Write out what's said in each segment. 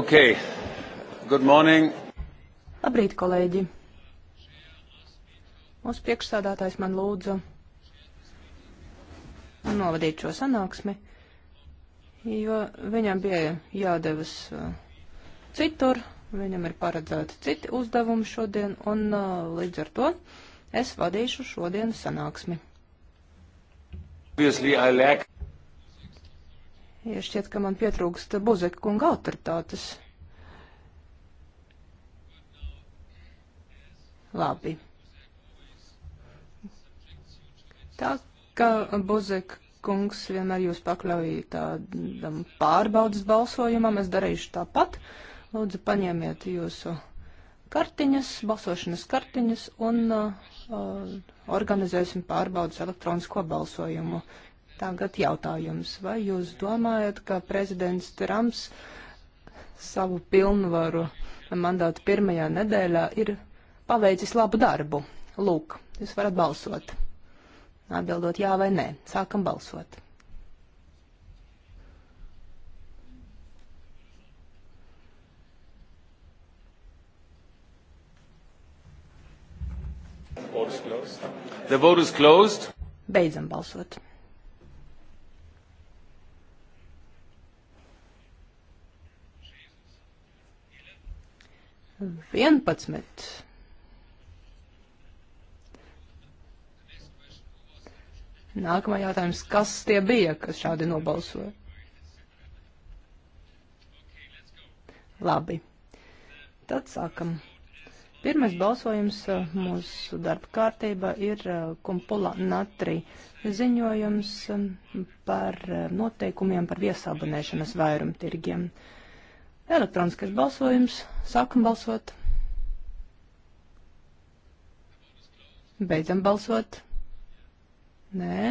Okay. Good morning. Labrīt, kolēģi. Mūsu priekšsādātājs man lūdza novadīt šo sanāksmi, jo viņam bija jādevas uh, citur, viņam ir paredzēti citi uzdevumi šodien, un uh, līdz ar to es vadīšu šodienas sanāksmi. Obviously, I lack Ja šķiet, ka man pietrūkst Buzeka kunga autoritātes. Labi. Tā kā Buzeka kungs vienmēr jūs pakļauj tādam pārbaudas balsojumam, es darīšu tāpat. Lūdzu, paņemiet jūsu kartiņas, balsošanas kartiņas un uh, organizēsim pārbaudas elektronisko balsojumu. Tagad jautājums, vai jūs domājat, ka prezidents Trumps savu pilnvaru mandātu pirmajā nedēļā ir paveicis labu darbu? Lūk, jūs varat balsot. Atbildot jā vai nē, sākam balsot. The vote is closed. Beidzam balsot. 11. Nākamā jautājums, kas tie bija, kas šādi nobalsoja? Labi, tad sākam. Pirmais balsojums eh, mūsu darba kārtībā ir eh, Kumpula Natri ziņojums eh, par noteikumiem par viesabonēšanas vairumtirgiem. tirgiem. Elektroniskais balsojums. Sākam balsot. Beidzam balsot. Nē,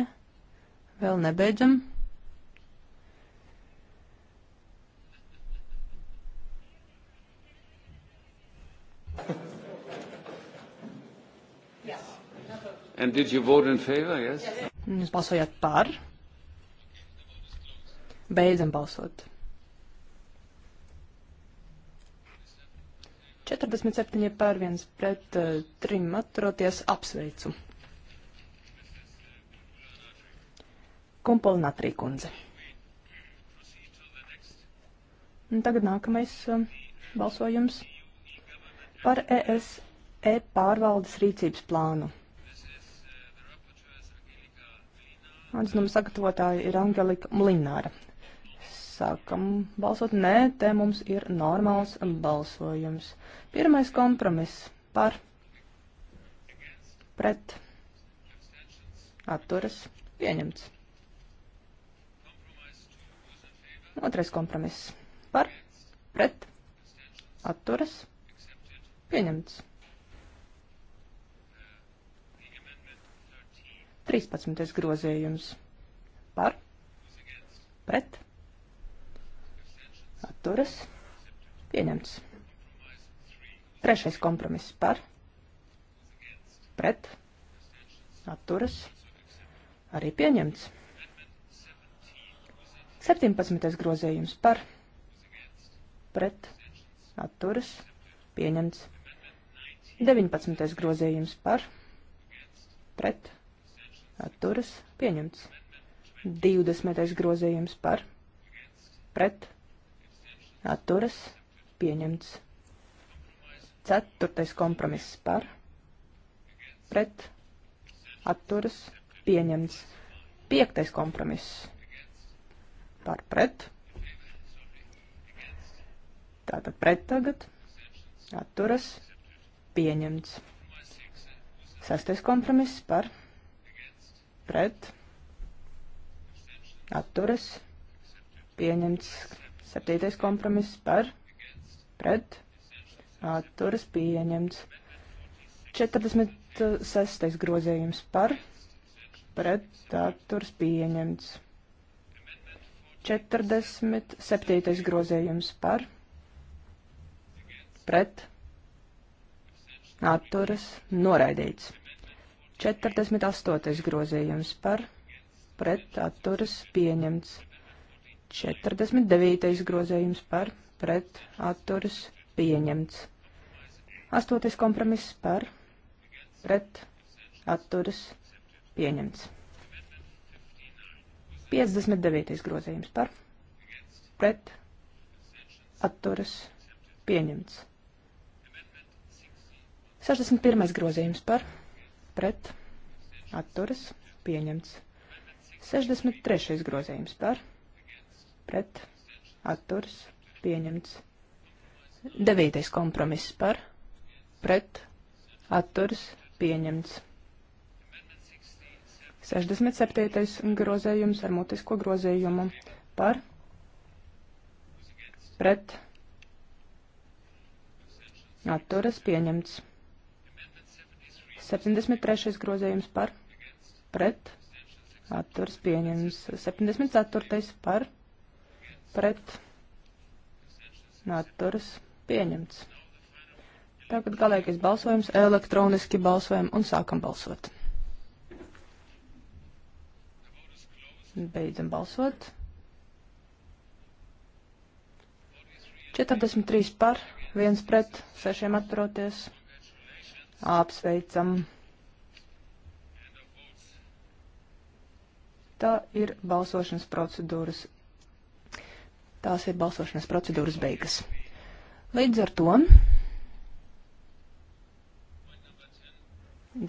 vēl nebeidzam. And did you vote in favor? Yes. Jūs balsojāt par. Beidzam balsot. 47 pār 1 pret 3 eh, atturoties apsveicu. Kumpola Natrī kundze. Un tagad nākamais eh, balsojums par ES e-pārvaldes rīcības plānu. Atzinuma sagatavotāja ir Angelika Mlināra. Sākam balsot. Nē, te mums ir normāls balsojums. Pirmais kompromiss par pret atturas pieņemts. Otrais kompromiss par pret atturas pieņemts. 13. grozījums par pret atturas pieņemts. Trešais kompromiss par, pret, atturas, arī pieņemts. 17. grozējums par, pret, atturas, pieņemts. 19. grozējums par, pret, atturas, pieņemts. 20. grozējums par, pret, atturas pieņemts. Ceturtais kompromiss par, pret, atturas pieņemts. Piektais kompromiss par, pret, tātad pret tagad, atturas pieņemts. Sastais kompromiss par, pret, atturas pieņemts Septītais kompromiss par pret atturas pieņemts. 46. grozījums par pret atturas pieņemts. 47. grozījums par pret atturas noraidīts. 48. grozījums par pret atturas pieņemts. 49. grozējums par pret atturas pieņemts. 8. kompromiss par pret atturas pieņemts. 59. grozējums par pret atturas pieņemts. 61. grozījums par pret atturas pieņemts. 63. grozījums par pret pret atturs pieņemts. Devītais kompromiss par pret atturs pieņemts. 67. grozējums ar mutisko grozējumu par pret atturas pieņemts. 73. grozējums par pret atturas pieņemts. 74. par pret pret atturas pieņemts. Tagad galīgais balsojums elektroniski balsojam un sākam balsot. Beidzam balsot. 43 par, 1 pret, 6 atturoties. Apsveicam. Tā ir balsošanas procedūras Tās ir balsošanas procedūras beigas. Līdz ar to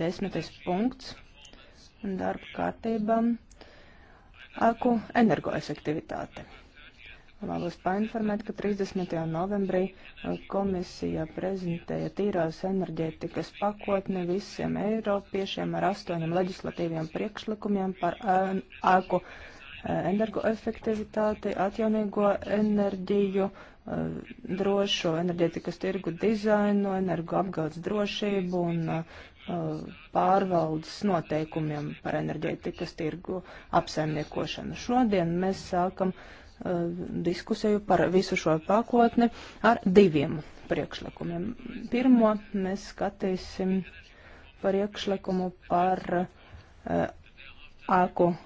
desmitais punkts darba kārtībām aku energoefektivitāte. Vēlos painformēt, ka 30. novembrī komisija prezentēja tīrās enerģētikas pakotni visiem eiropiešiem ar astoņiem leģislatīviem priekšlikumiem par ēku Eh, energoefektivitāti, atjaunīgo enerģiju, eh, drošo enerģētikas tirgu dizainu, energoapgādes drošību un eh, pārvaldes noteikumiem par enerģētikas tirgu apsaimniekošanu. Šodien mēs sākam diskusiju par visu šo pakotni ar diviem priekšlikumiem. Pirmo mēs skatīsim par iekšlikumu par ēku uh,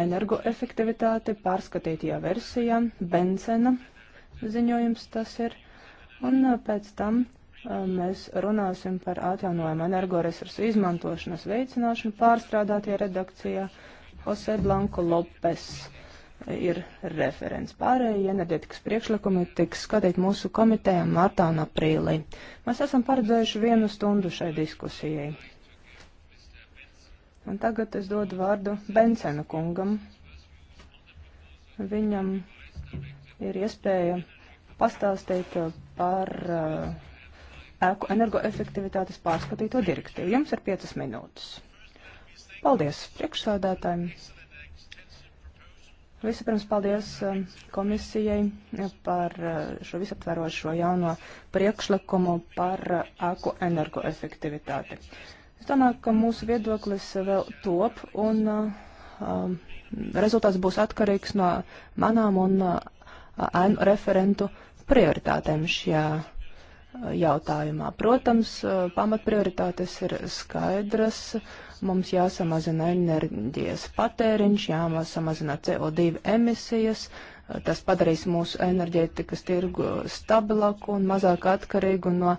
energoefektivitāti pārskatītajā versijā, Bensena ziņojums tas ir, un uh, pēc tam uh, mēs runāsim par atjaunojumu energoresursu izmantošanas veicināšanu pārstrādātajā redakcijā. Jose Blanko Lopes uh, ir referents pārējai enerģetikas priekšlikumi tiks skatīt mūsu komitejām martā un aprīlī. Mēs esam paredzējuši vienu stundu šai diskusijai. Un tagad es dodu vārdu Bensena kungam. Viņam ir iespēja pastāstīt uh, par uh, ēku energoefektivitātes pārskatīto direktīvu. Jums ir piecas minūtes. Paldies priekšsādātājiem. Vispirms paldies um, komisijai uh, par uh, šo visaptverošo jauno priekšlikumu par ēku energoefektivitāti. Uh, Es domāju, ka mūsu viedoklis vēl top, un uh, um, rezultāts būs atkarīgs no manām un uh, ēnu referentu prioritātēm šajā uh, jautājumā. Protams, uh, pamatprioritātes ir skaidras. Mums jāsamazina enerģijas patēriņš, jāsamazina CO2 emisijas. Uh, Tas padarīs mūsu enerģētikas tirgu stabilāku un mazāk atkarīgu no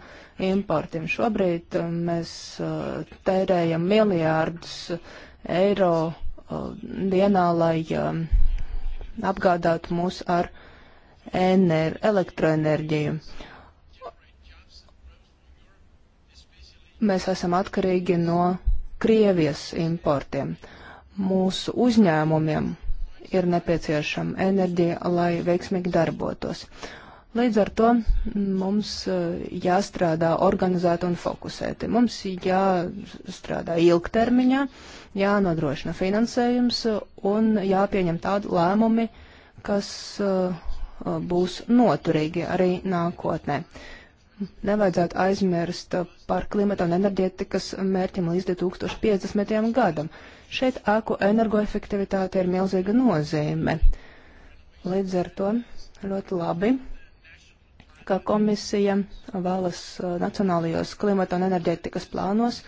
importiem. Šobrīd uh, mēs uh, tērējam miljārdus eiro uh, dienā, lai um, apgādātu mūs ar ener elektroenerģiju. Mēs esam atkarīgi no Krievijas importiem. Mūsu uzņēmumiem ir nepieciešama enerģija, lai veiksmīgi darbotos. Līdz ar to mums e, jāstrādā organizēti un fokusēti. Mums jāstrādā ilgtermiņā, jānodrošina finansējums un jāpieņem tādi lēmumi, kas e, e, būs noturīgi arī nākotnē. Nevajadzētu aizmirst par klimata un enerģētikas mērķiem līdz 2050. gadam. Šeit ēku energoefektivitāte ir milzīga nozīme. Līdz ar to ļoti labi, ka komisija vēlas uh, nacionālajos klimata un enerģētikas plānos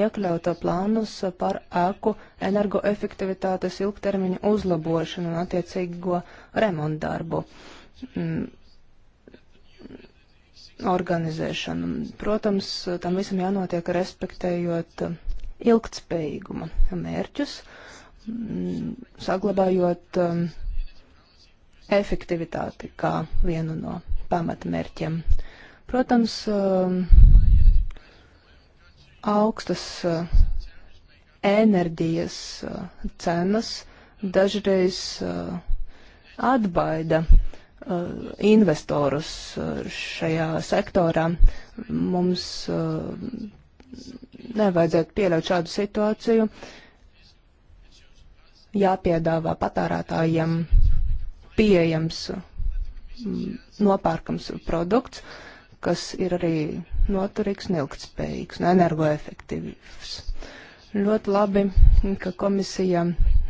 iekļaut plānus par ēku energoefektivitātes ilgtermiņa uzlabošanu un attiecīgo remontdarbu mm, organizēšanu. Protams, tam visam jānotiek respektējot ilgtspējīguma mērķus, mm, saglabājot um, efektivitāti kā vienu no pamatmērķiem. Protams, um, augstas uh, enerģijas uh, cenas dažreiz uh, atbaida uh, investorus uh, šajā sektorā. Mums uh, nevajadzētu pieļaut šādu situāciju. Jāpiedāvā patērētājiem pieejams, mm, nopērkams produkts, kas ir arī noturīgs un ilgtspējīgs un energoefektīvs. Ļoti labi, ka komisija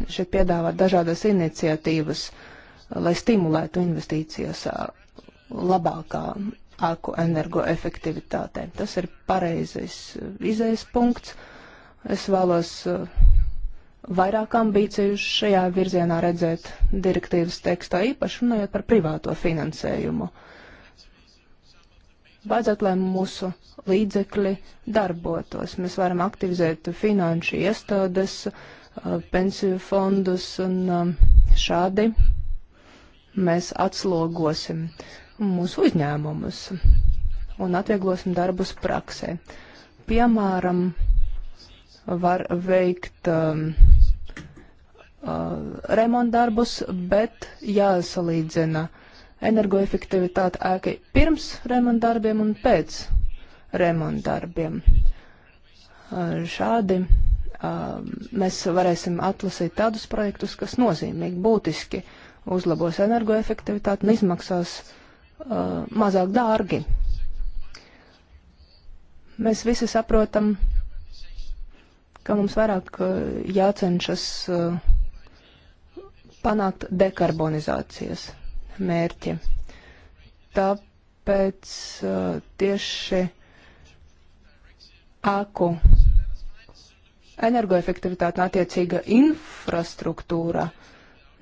šeit piedāvā dažādas iniciatīvas, lai stimulētu investīcijas labākā ēku energoefektivitātei. Tas ir pareizais uh, izējas punkts. Es vēlos uh, vairāk ambīciju šajā virzienā redzēt direktīvas tekstā, īpaši runājot par privāto finansējumu. Vajadzētu, lai mūsu līdzekļi darbotos. Mēs varam aktivizēt finanšu iestādes, uh, pensiju fondus un um, šādi mēs atslogosim mūsu uzņēmumus un atvieglosim darbus praksē. Piemēram, var veikt um, uh, remontdarbus, bet jāsalīdzina energoefektivitāte ēkai pirms remontdarbiem un pēc remontdarbiem. Uh, šādi uh, mēs varēsim atlasīt tādus projektus, kas nozīmīgi, būtiski uzlabos energoefektivitāti un izmaksās uh, Uh, mazāk dārgi. Mēs visi saprotam, ka mums vairāk uh, jācenšas uh, panākt dekarbonizācijas mērķi. Tāpēc tieši aku energoefektivitāte un attiecīga infrastruktūra,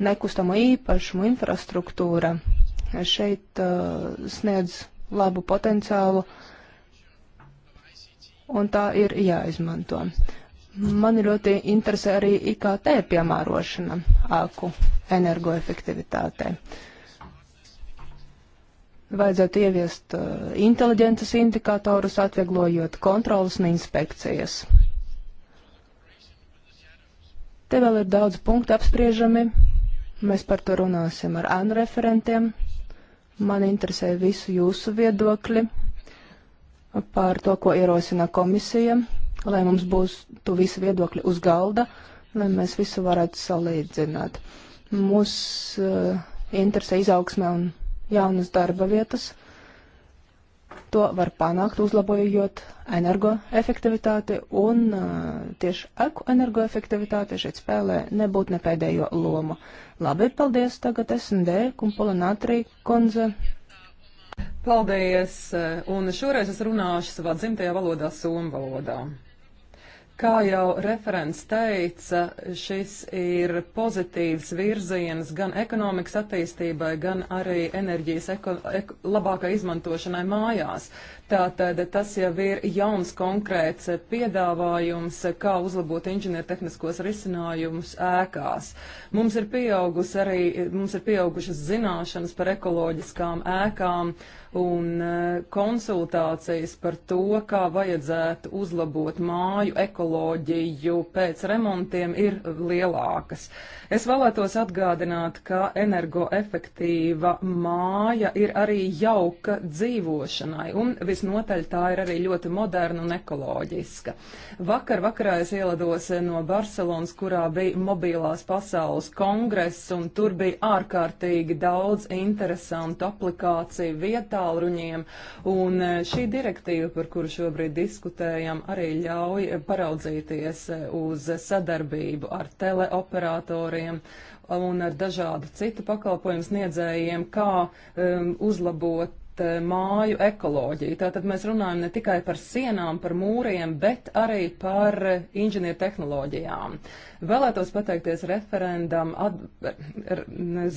nekustamo īpašumu infrastruktūra šeit uh, sniedz labu potenciālu, un tā ir jāizmanto. Man ļoti interesē arī IKT piemērošana āku energoefektivitātei. Vajadzētu ieviest uh, inteliģences indikatorus, atvieglojot kontrolas un inspekcijas. Te vēl ir daudz punktu apspriežami. Mēs par to runāsim ar ANU referentiem. Man interesē visu jūsu viedokļi par to, ko ierosina komisija, lai mums būs tu visi viedokļi uz galda, lai mēs visu varētu salīdzināt. Mūs uh, interesē izaugsme un jaunas darba vietas. Uh, To var panākt, uzlabojot energoefektivitāti, un tieši eku energoefektivitāte šeit spēlē nebūtu ne pēdējo lomu. Labi, paldies tagad SND, Kumpola Natrī, Konze. Paldies, un šoreiz es runāšu savā dzimtajā valodā, somu valodā. Kā jau referents teica, šis ir pozitīvs virziens gan ekonomikas attīstībai, gan arī enerģijas eko, eko, labākai izmantošanai mājās. Tātad tas jau ir jauns konkrēts piedāvājums, kā uzlabot inženiertehniskos risinājumus ēkās. Mums ir, arī, mums ir pieaugušas zināšanas par ekoloģiskām ēkām. Uh, un eh, konsultācijas par to, kā vajadzētu uzlabot māju ekoloģiju pēc remontiem, ir lielākas. Uh, Es vēlētos atgādināt, ka energoefektīva māja ir arī jauka dzīvošanai, un visnotaļ tā ir arī ļoti moderna un ekoloģiska. Vakar vakarā es ielados no Barcelonas, kurā bija mobilās pasaules kongress, un tur bija ārkārtīgi daudz interesantu aplikāciju vietāluņiem, un e, šī direktīva, par kuru šobrīd diskutējam, arī ļauj paraudzīties e, uz sadarbību ar teleoperatoriem operatoriem un ar dažādu citu pakalpojumu sniedzējiem, kā um, uzlabot eh, māju ekoloģiju. Tātad mēs runājam ne tikai par sienām, par mūriem, bet arī par inženiertehnoloģijām. Vēlētos pateikties referendam ad, er,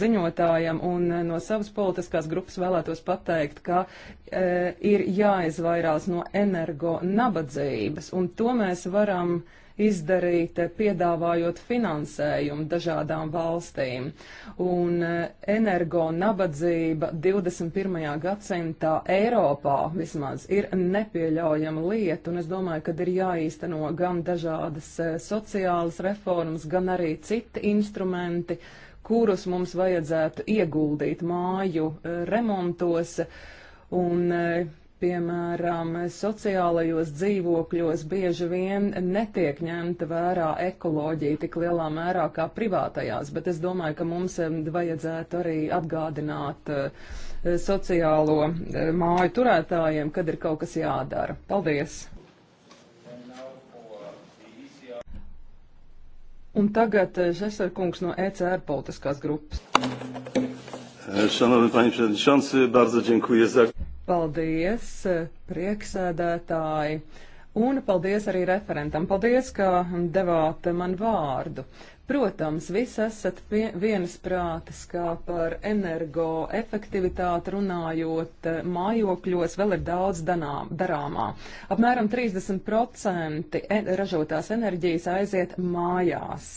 ziņotājam un no savas politiskās grupas vēlētos pateikt, ka e, ir jāizvairās no energo nabadzības, un to mēs varam e, izdarīt, eh, piedāvājot finansējumu dažādām valstīm. Un eh, energo nabadzība 21. gadsimtā Eiropā vismaz ir nepieļaujama lieta, un es domāju, ka ir jāīsteno gan dažādas eh, sociālas reformas, gan arī citi instrumenti, kurus mums vajadzētu ieguldīt māju remontos. Un, Piemēram, sociālajos dzīvokļos bieži vien netiek ņemta vērā ekoloģija tik lielā mērā kā privātajās, bet es domāju, ka mums vajadzētu arī atgādināt eh, sociālo eh, māju turētājiem, kad ir kaut kas jādara. Paldies! Un tagad eh, Žesar kungs no ECR politiskās grupas. Szanowny Panie Przewodniczący, bardzo dziękuję za. Paldies, prieksēdētāji! Un paldies arī referentam. Paldies, ka devāt man vārdu. Protams, visi esat pie, vienas prātas, kā par energoefektivitāti runājot mājokļos, vēl ir daudz danām, darāmā. Apmēram 30% en ražotās enerģijas aiziet mājās.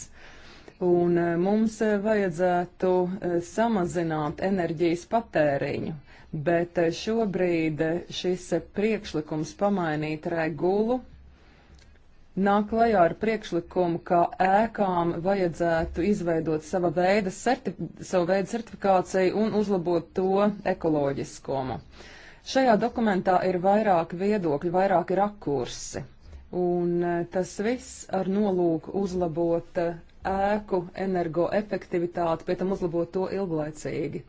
Un e, mums e, vajadzētu e, samazināt enerģijas patēriņu bet eh, šobrīd eh, šis eh, priekšlikums pamainīt regulu nāk klajā ar priekšlikumu, ka ēkām vajadzētu izveidot sava veida, certif savu veidu certifikāciju un uzlabot to ekoloģiskumu. Šajā dokumentā ir vairāk viedokļu, vairāk ir akursi, un tas viss ar nolūku uzlabot ēku energoefektivitāti, pie tam uzlabot to ilglaicīgi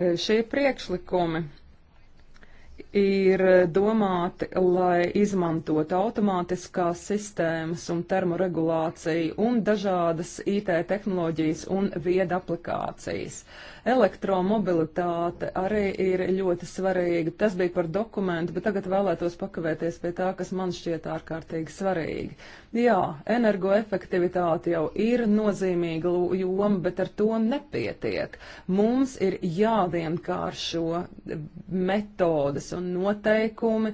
šie priekšlikumi ir domāti, lai izmantot automātiskās sistēmas un termoregulāciju un dažādas IT tehnoloģijas un vieda aplikācijas. Elektromobilitāte arī ir ļoti svarīga. Tas bija par dokumentu, bet tagad vēlētos pakavēties pie tā, kas man šķiet ārkārtīgi svarīgi. Jā, energoefektivitāte jau ir nozīmīga joma, bet ar to nepietiek. Mums ir jādienkāršo metodas un noteikumi,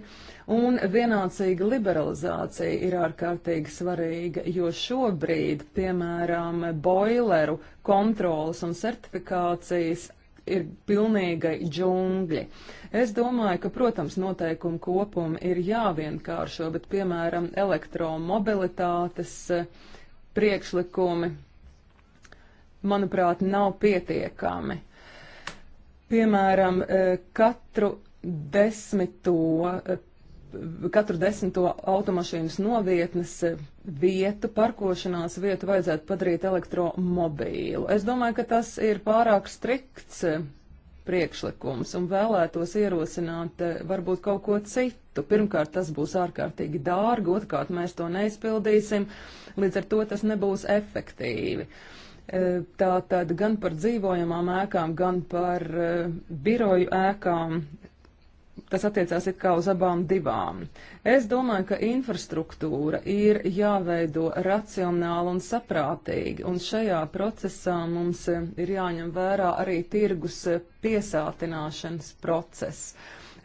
un vienācīga liberalizācija ir ārkārtīgi svarīga, jo šobrīd, piemēram, boileru kontrolas un certifikācijas ir pilnīgai džungļi. Es domāju, ka, protams, noteikumu kopumu ir jāvienkāršo, bet, piemēram, elektromobilitātes eh, priekšlikumi, manuprāt, nav pietiekami. Piemēram, eh, katru desmito, eh, katru desmito automašīnas novietnes eh, vietu, parkošanās vietu vajadzētu padarīt elektromobīlu. Es domāju, ka tas ir pārāk strikts eh, priekšlikums un vēlētos ierosināt varbūt kaut ko citu. Pirmkārt, tas būs ārkārtīgi dārgi, otrkārt, mēs to neizpildīsim, līdz ar to tas nebūs efektīvi. Tā tad gan par dzīvojamām ēkām, gan par biroju ēkām tas attiecās it kā uz abām divām. Es domāju, ka infrastruktūra ir jāveido racionāli un saprātīgi, un šajā procesā mums ir jāņem vērā arī tirgus piesātināšanas process.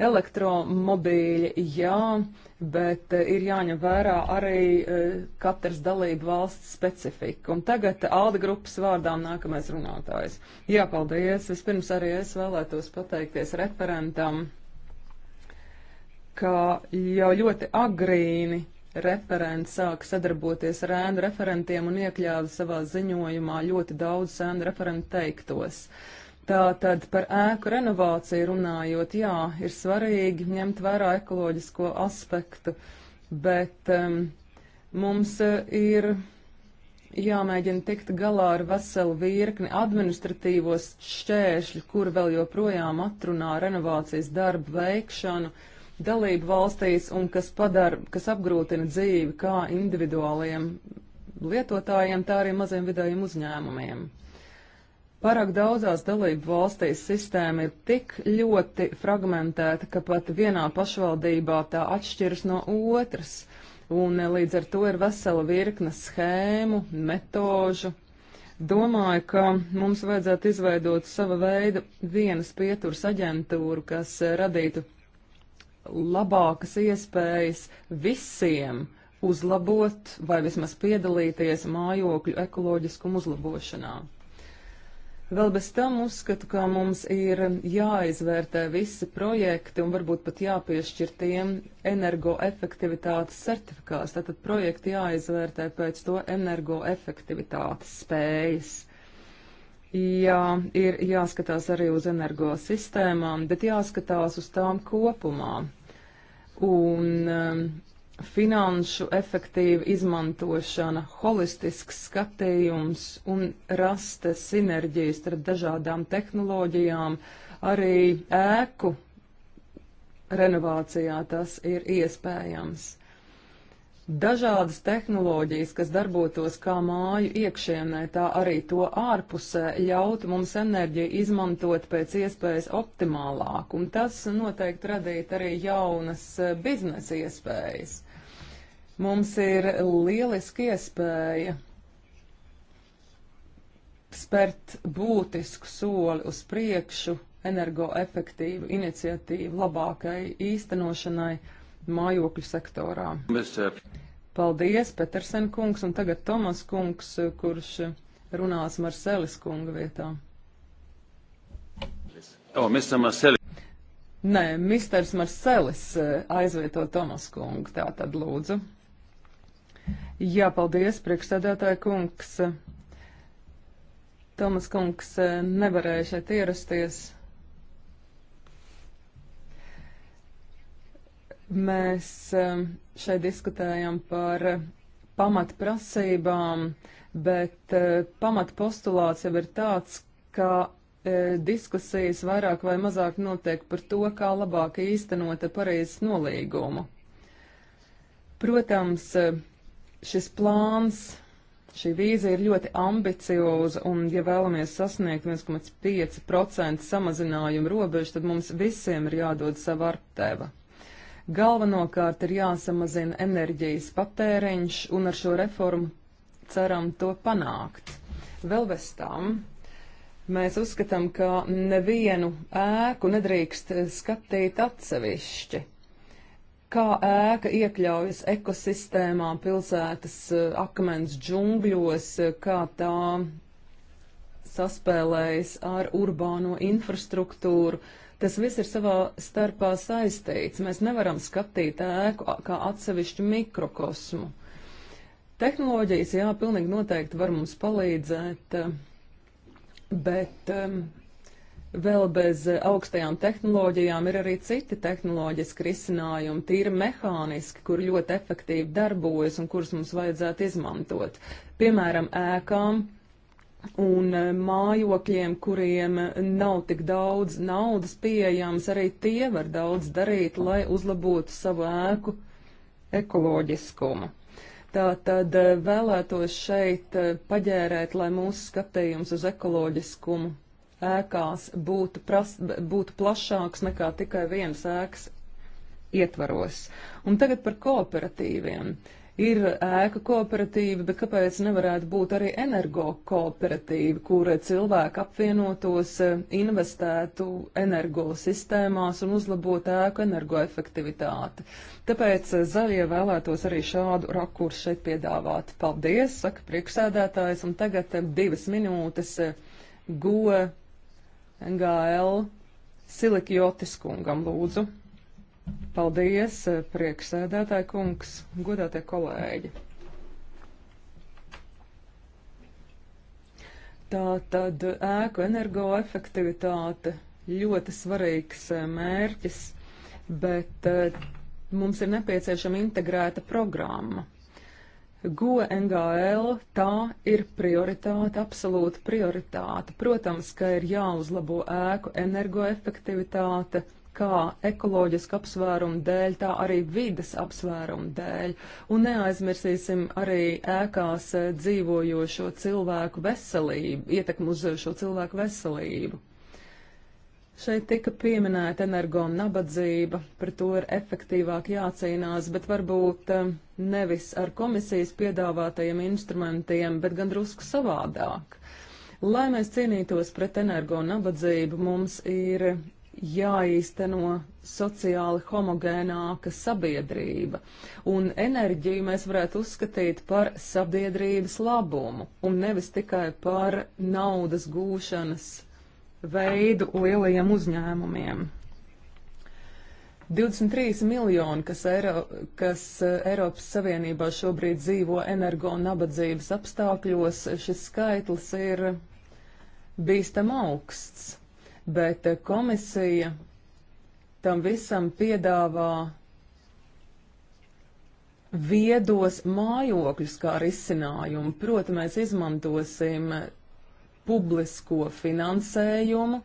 Elektromobīļi jā, bet ir jāņem vērā arī e, katras dalību valsts specifika. Un tagad Alda grupas vārdām nākamais runātājs. Jā, paldies. Vispirms arī es vēlētos pateikties referentam ka jau ļoti agrīni referents sāka sadarboties ar ēnu referentiem un iekļāva savā ziņojumā ļoti daudz ēnu referentu teiktos. Tātad par ēku renovāciju runājot, jā, ir svarīgi ņemt vērā ekoloģisko aspektu, bet um, mums uh, ir jāmēģina tikt galā ar veselu virkni administratīvos šķēršļu, kur vēl joprojām atrunā renovācijas darbu veikšanu, uh, dalību valstīs un kas, padara, kas apgrūtina dzīvi kā individuāliem lietotājiem, tā arī maziem vidējiem uzņēmumiem. Parāk daudzās dalību valstīs sistēma ir tik ļoti fragmentēta, ka pat vienā pašvaldībā tā atšķiras no otras, un līdz ar to ir vesela virkne schēmu, metožu. Domāju, ka mums vajadzētu izveidot sava veida vienas pieturas aģentūru, kas radītu labākas iespējas visiem uzlabot vai vismaz piedalīties mājokļu ekoloģiskumu uzlabošanā. Vēl bez tam uzskatu, ka mums ir jāizvērtē visi projekti un varbūt pat jāpiešķir tiem energoefektivitātes certifikāts. Tātad projekti jāizvērtē pēc to energoefektivitātes spējas. Jā, ir jāskatās arī uz energosistēmām, bet jāskatās uz tām kopumā. Un um, finanšu efektīva izmantošana, holistisks skatījums un rasta sinerģijas starp dažādām tehnoloģijām, arī ēku renovācijā tas ir iespējams dažādas tehnoloģijas, kas darbotos kā māju iekšienē, tā arī to ārpusē, ļautu mums enerģiju izmantot pēc iespējas optimālāk, un tas noteikti radītu arī jaunas e, biznesa iespējas. Mums ir lieliski iespēja spērt būtisku soli uz priekšu energoefektīvu iniciatīvu labākai īstenošanai mājokļu sektorā. Mēs, Paldies, Petersen kungs, un tagad Tomas kungs, kurš runās Marselis kunga vietā. O, oh, Mr. Marselis. Nē, Misters Marselis eh, aizvieto Tomas kungu, tā tad lūdzu. Jā, paldies, priekšsēdētāja kungs. Tomas kungs eh, nevarēja šeit ierasties Mēs um, šeit diskutējam par pamatprasībām, bet uh, pamatpostulāts jau ir tāds, ka uh, diskusijas vairāk vai mazāk notiek par to, kā labāk īstenot Parīzes nolīgumu. Protams, uh, šis plāns, šī vīzija ir ļoti ambicioza, un ja vēlamies sasniegt 1,5% samazinājumu robežu, tad mums visiem ir jādod sava arteva. Galvenokārt ir jāsamazina enerģijas patēriņš, un ar šo reformu ceram to panākt. Vēl bez tam mēs uzskatām, ka nevienu ēku nedrīkst skatīt atsevišķi kā ēka iekļaujas ekosistēmā, pilsētas eh, akmens džungļos, kā tā saspēlējas ar urbāno infrastruktūru. Tas viss ir savā starpā saistīts. Mēs nevaram skatīt ēku kā atsevišķu mikrokosmu. Tehnoloģijas, jā, pilnīgi noteikti var mums palīdzēt, eh, bet um, vēl bez eh, augstajām tehnoloģijām ir arī citi tehnoloģiski risinājumi, tīri mehāniski, kur ļoti efektīvi darbojas un kurus mums vajadzētu izmantot. Piemēram, ēkām un eh, mājokļiem, kuriem nav tik daudz naudas pieejams, arī tie var daudz darīt, lai uzlabotu savu ēku ekoloģiskumu. Tā tad eh, vēlētos šeit eh, paģērēt, lai mūsu skatījums uz ekoloģiskumu ēkās būtu, pras, būtu plašāks nekā tikai vienas ēkas ietvaros. Un tagad par kooperatīviem. Uh, ir ēka kooperatīva, bet kāpēc nevarētu būt arī energo kooperatīva, kur cilvēki apvienotos, eh, investētu energo sistēmās un uzlabotu ēku energoefektivitāti. Tāpēc eh, zaļie vēlētos arī šādu rakursu šeit piedāvāt. Paldies, saka priekšsēdētājs, un tagad eh, divas minūtes go NGL Silikjotis kungam lūdzu. Paldies, eh, prieksēdētāji kungs, godātie kolēģi. Tā tad ēku energoefektivitāte ļoti svarīgs eh, mērķis, bet eh, mums ir nepieciešama integrēta programma. GONGL tā ir prioritāte, absolūta prioritāte. Protams, ka ir jāuzlabo ēku energoefektivitāte, kā ekoloģiska apsvēruma dēļ, tā arī vidas apsvēruma dēļ. Un neaizmirsīsim arī ēkās eh, dzīvojošo cilvēku veselību, ietekmu uz šo cilvēku veselību. Šeit tika pieminēta energo nabadzība, par to ir efektīvāk jācīnās, bet varbūt eh, nevis ar komisijas piedāvātajiem instrumentiem, bet gan drusku savādāk. Lai mēs cīnītos pret energo nabadzību, mums ir jāīsteno sociāli homogēnāka sabiedrība, un enerģiju mēs varētu uzskatīt par sabiedrības labumu, un nevis tikai par naudas gūšanas veidu lielajiem uzņēmumiem. 23 miljoni, kas, Eiro, kas Eiropas Savienībā šobrīd dzīvo energo un nabadzības apstākļos, šis skaitlis ir bīstam augsts bet eh, komisija tam visam piedāvā viedos mājokļus kā risinājumu. Proti, mēs izmantosim eh, publisko finansējumu,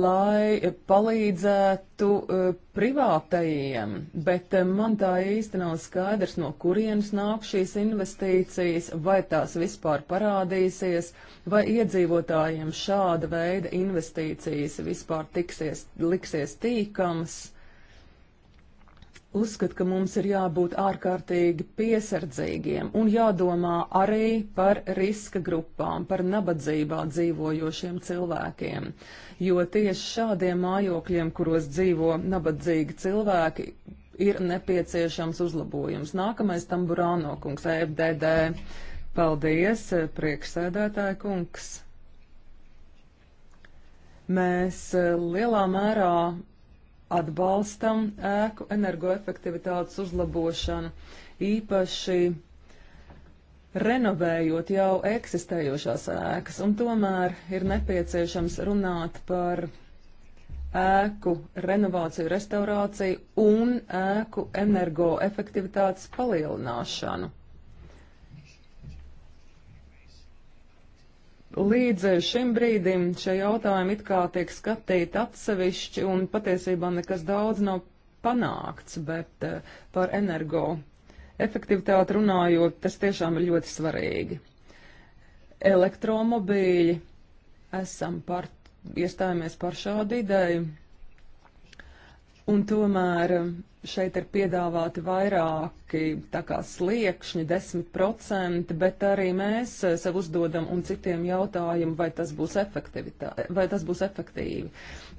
lai palīdzētu uh, privātajiem, bet uh, man tā īsti nav skaidrs, no kurienes nāk šīs investīcijas, vai tās vispār parādīsies, vai iedzīvotājiem šāda veida investīcijas vispār tiksies, liksies tīkams uzskata, ka mums ir jābūt ārkārtīgi piesardzīgiem un jādomā arī par riska grupām, par nabadzībā dzīvojošiem cilvēkiem. Jo tieši šādiem mājokļiem, kuros dzīvo nabadzīgi cilvēki, ir nepieciešams uzlabojums. Nākamais tamburāno kungs, FDD. Paldies, priekšsēdētāja kungs. Mēs eh, lielā mērā atbalstam ēku energoefektivitātes uzlabošanu, īpaši renovējot jau eksistējošās ēkas, un tomēr ir nepieciešams runāt par ēku renovāciju, restaurāciju un ēku energoefektivitātes palielināšanu. Līdz šim brīdim šie jautājumi it kā tiek skatīti atsevišķi un patiesībā nekas daudz nav panākts, bet eh, par energo efektivitāti runājot, tas tiešām ir ļoti svarīgi. Elektromobīļi esam par, iestājāmies par šādu ideju, Un tomēr um, šeit ir piedāvāti vairāki tā kā sliekšņi, 10%, bet arī mēs uh, sev uzdodam un citiem jautājumu, vai tas būs, vai tas būs efektīvi.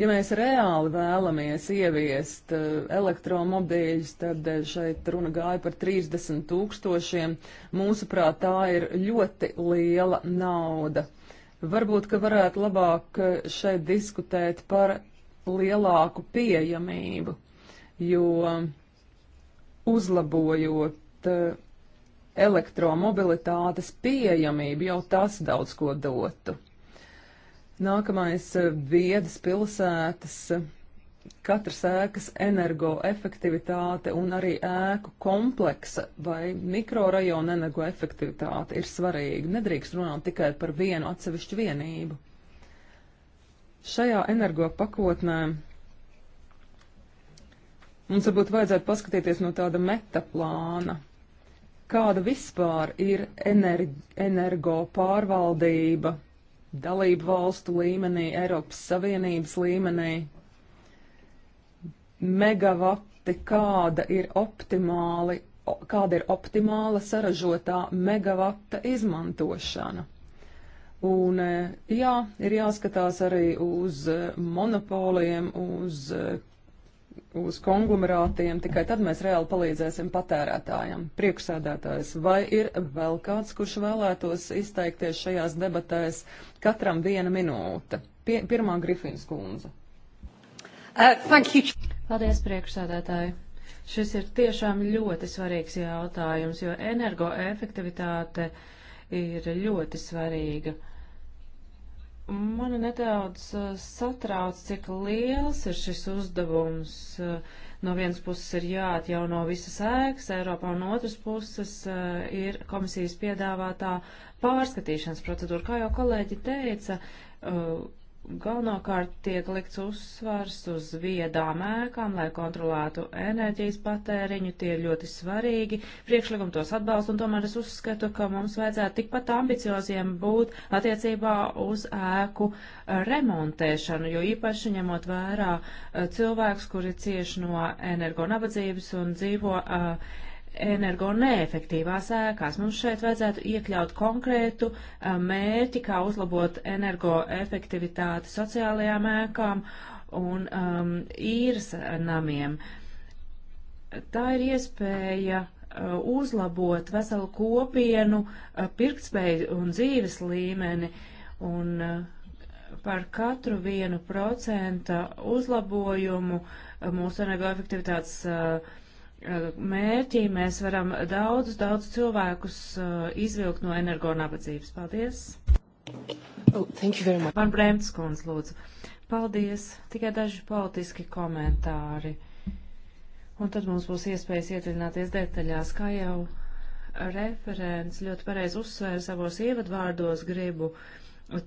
Ja mēs reāli vēlamies ieviest uh, elektromobīļus, tad uh, šeit runa gāja par 30 tūkstošiem. Mūsuprāt, tā ir ļoti liela nauda. Varbūt, ka varētu labāk šeit diskutēt par lielāku pieejamību, jo uzlabojot e, elektromobilitātes pieejamību, jau tas daudz ko dotu. Nākamais e, - viedas pilsētas, e, katras ēkas energoefektivitāte un arī ēku kompleksa vai mikrorajona energoefektivitāte ir svarīga. Nedrīkst runāt tikai par vienu atsevišķu vienību. Šajā energopakotnē mums varbūt vajadzētu paskatīties no tāda metaplāna, kāda vispār ir energo pārvaldība dalību valstu līmenī, Eiropas Savienības līmenī, megavati, kāda ir optimāli, kāda ir optimāla saražotā megavata izmantošana. Un, eh, jā, ir jāskatās arī uz eh, monopoliem, uz, eh, uz konglomerātiem, tikai tad mēs reāli palīdzēsim patērētājiem. Priekšsēdētājs, vai ir vēl kāds, kurš vēlētos izteikties šajās debatēs katram viena minūte? Pie, pirmā Grifins kundze. Uh, Paldies, priekšsēdētāji. Šis ir tiešām ļoti svarīgs jautājums, jo energoefektivitāte ir ļoti svarīga. Uh, Mani nedaudz uh, satrauc, cik liels ir šis uzdevums. Uh, no vienas puses ir jāatjauno visas ēkas Eiropā, un otras puses uh, ir komisijas piedāvātā pārskatīšanas procedūra. Kā jau kolēģi teica, galvenokārt tiek likts uzsvars uz viedām ēkām, lai kontrolētu enerģijas patēriņu. Tie ir ļoti svarīgi. Priekšlikumi tos atbalsta, un tomēr es uzskatu, ka mums vajadzētu tikpat ambicioziem būt attiecībā uz ēku remontēšanu, jo īpaši ņemot vērā eh, cilvēks, kuri cieši no energo nabadzības un dzīvo uh, energo neefektīvās ēkās. Mums šeit vajadzētu iekļaut konkrētu eh, mērķi, kā uzlabot energoefektivitāti sociālajām ēkām un um, īres namiem. Tā ir iespēja uh, uzlabot veselu kopienu uh, pirktspēju un dzīves līmeni un uh, par katru vienu procenta uzlabojumu mūsu energoefektivitātes uh, mērķī mēs varam daudz, daudz cilvēkus uh, izvilkt no energonabadzības. Paldies! Oh, thank you very much. Man Bremts kundz, lūdzu. Paldies. Tikai daži politiski komentāri. Un tad mums būs iespējas iedziļināties detaļās, kā jau referents ļoti pareizi uzsvēra savos ievadvārdos, gribu uh,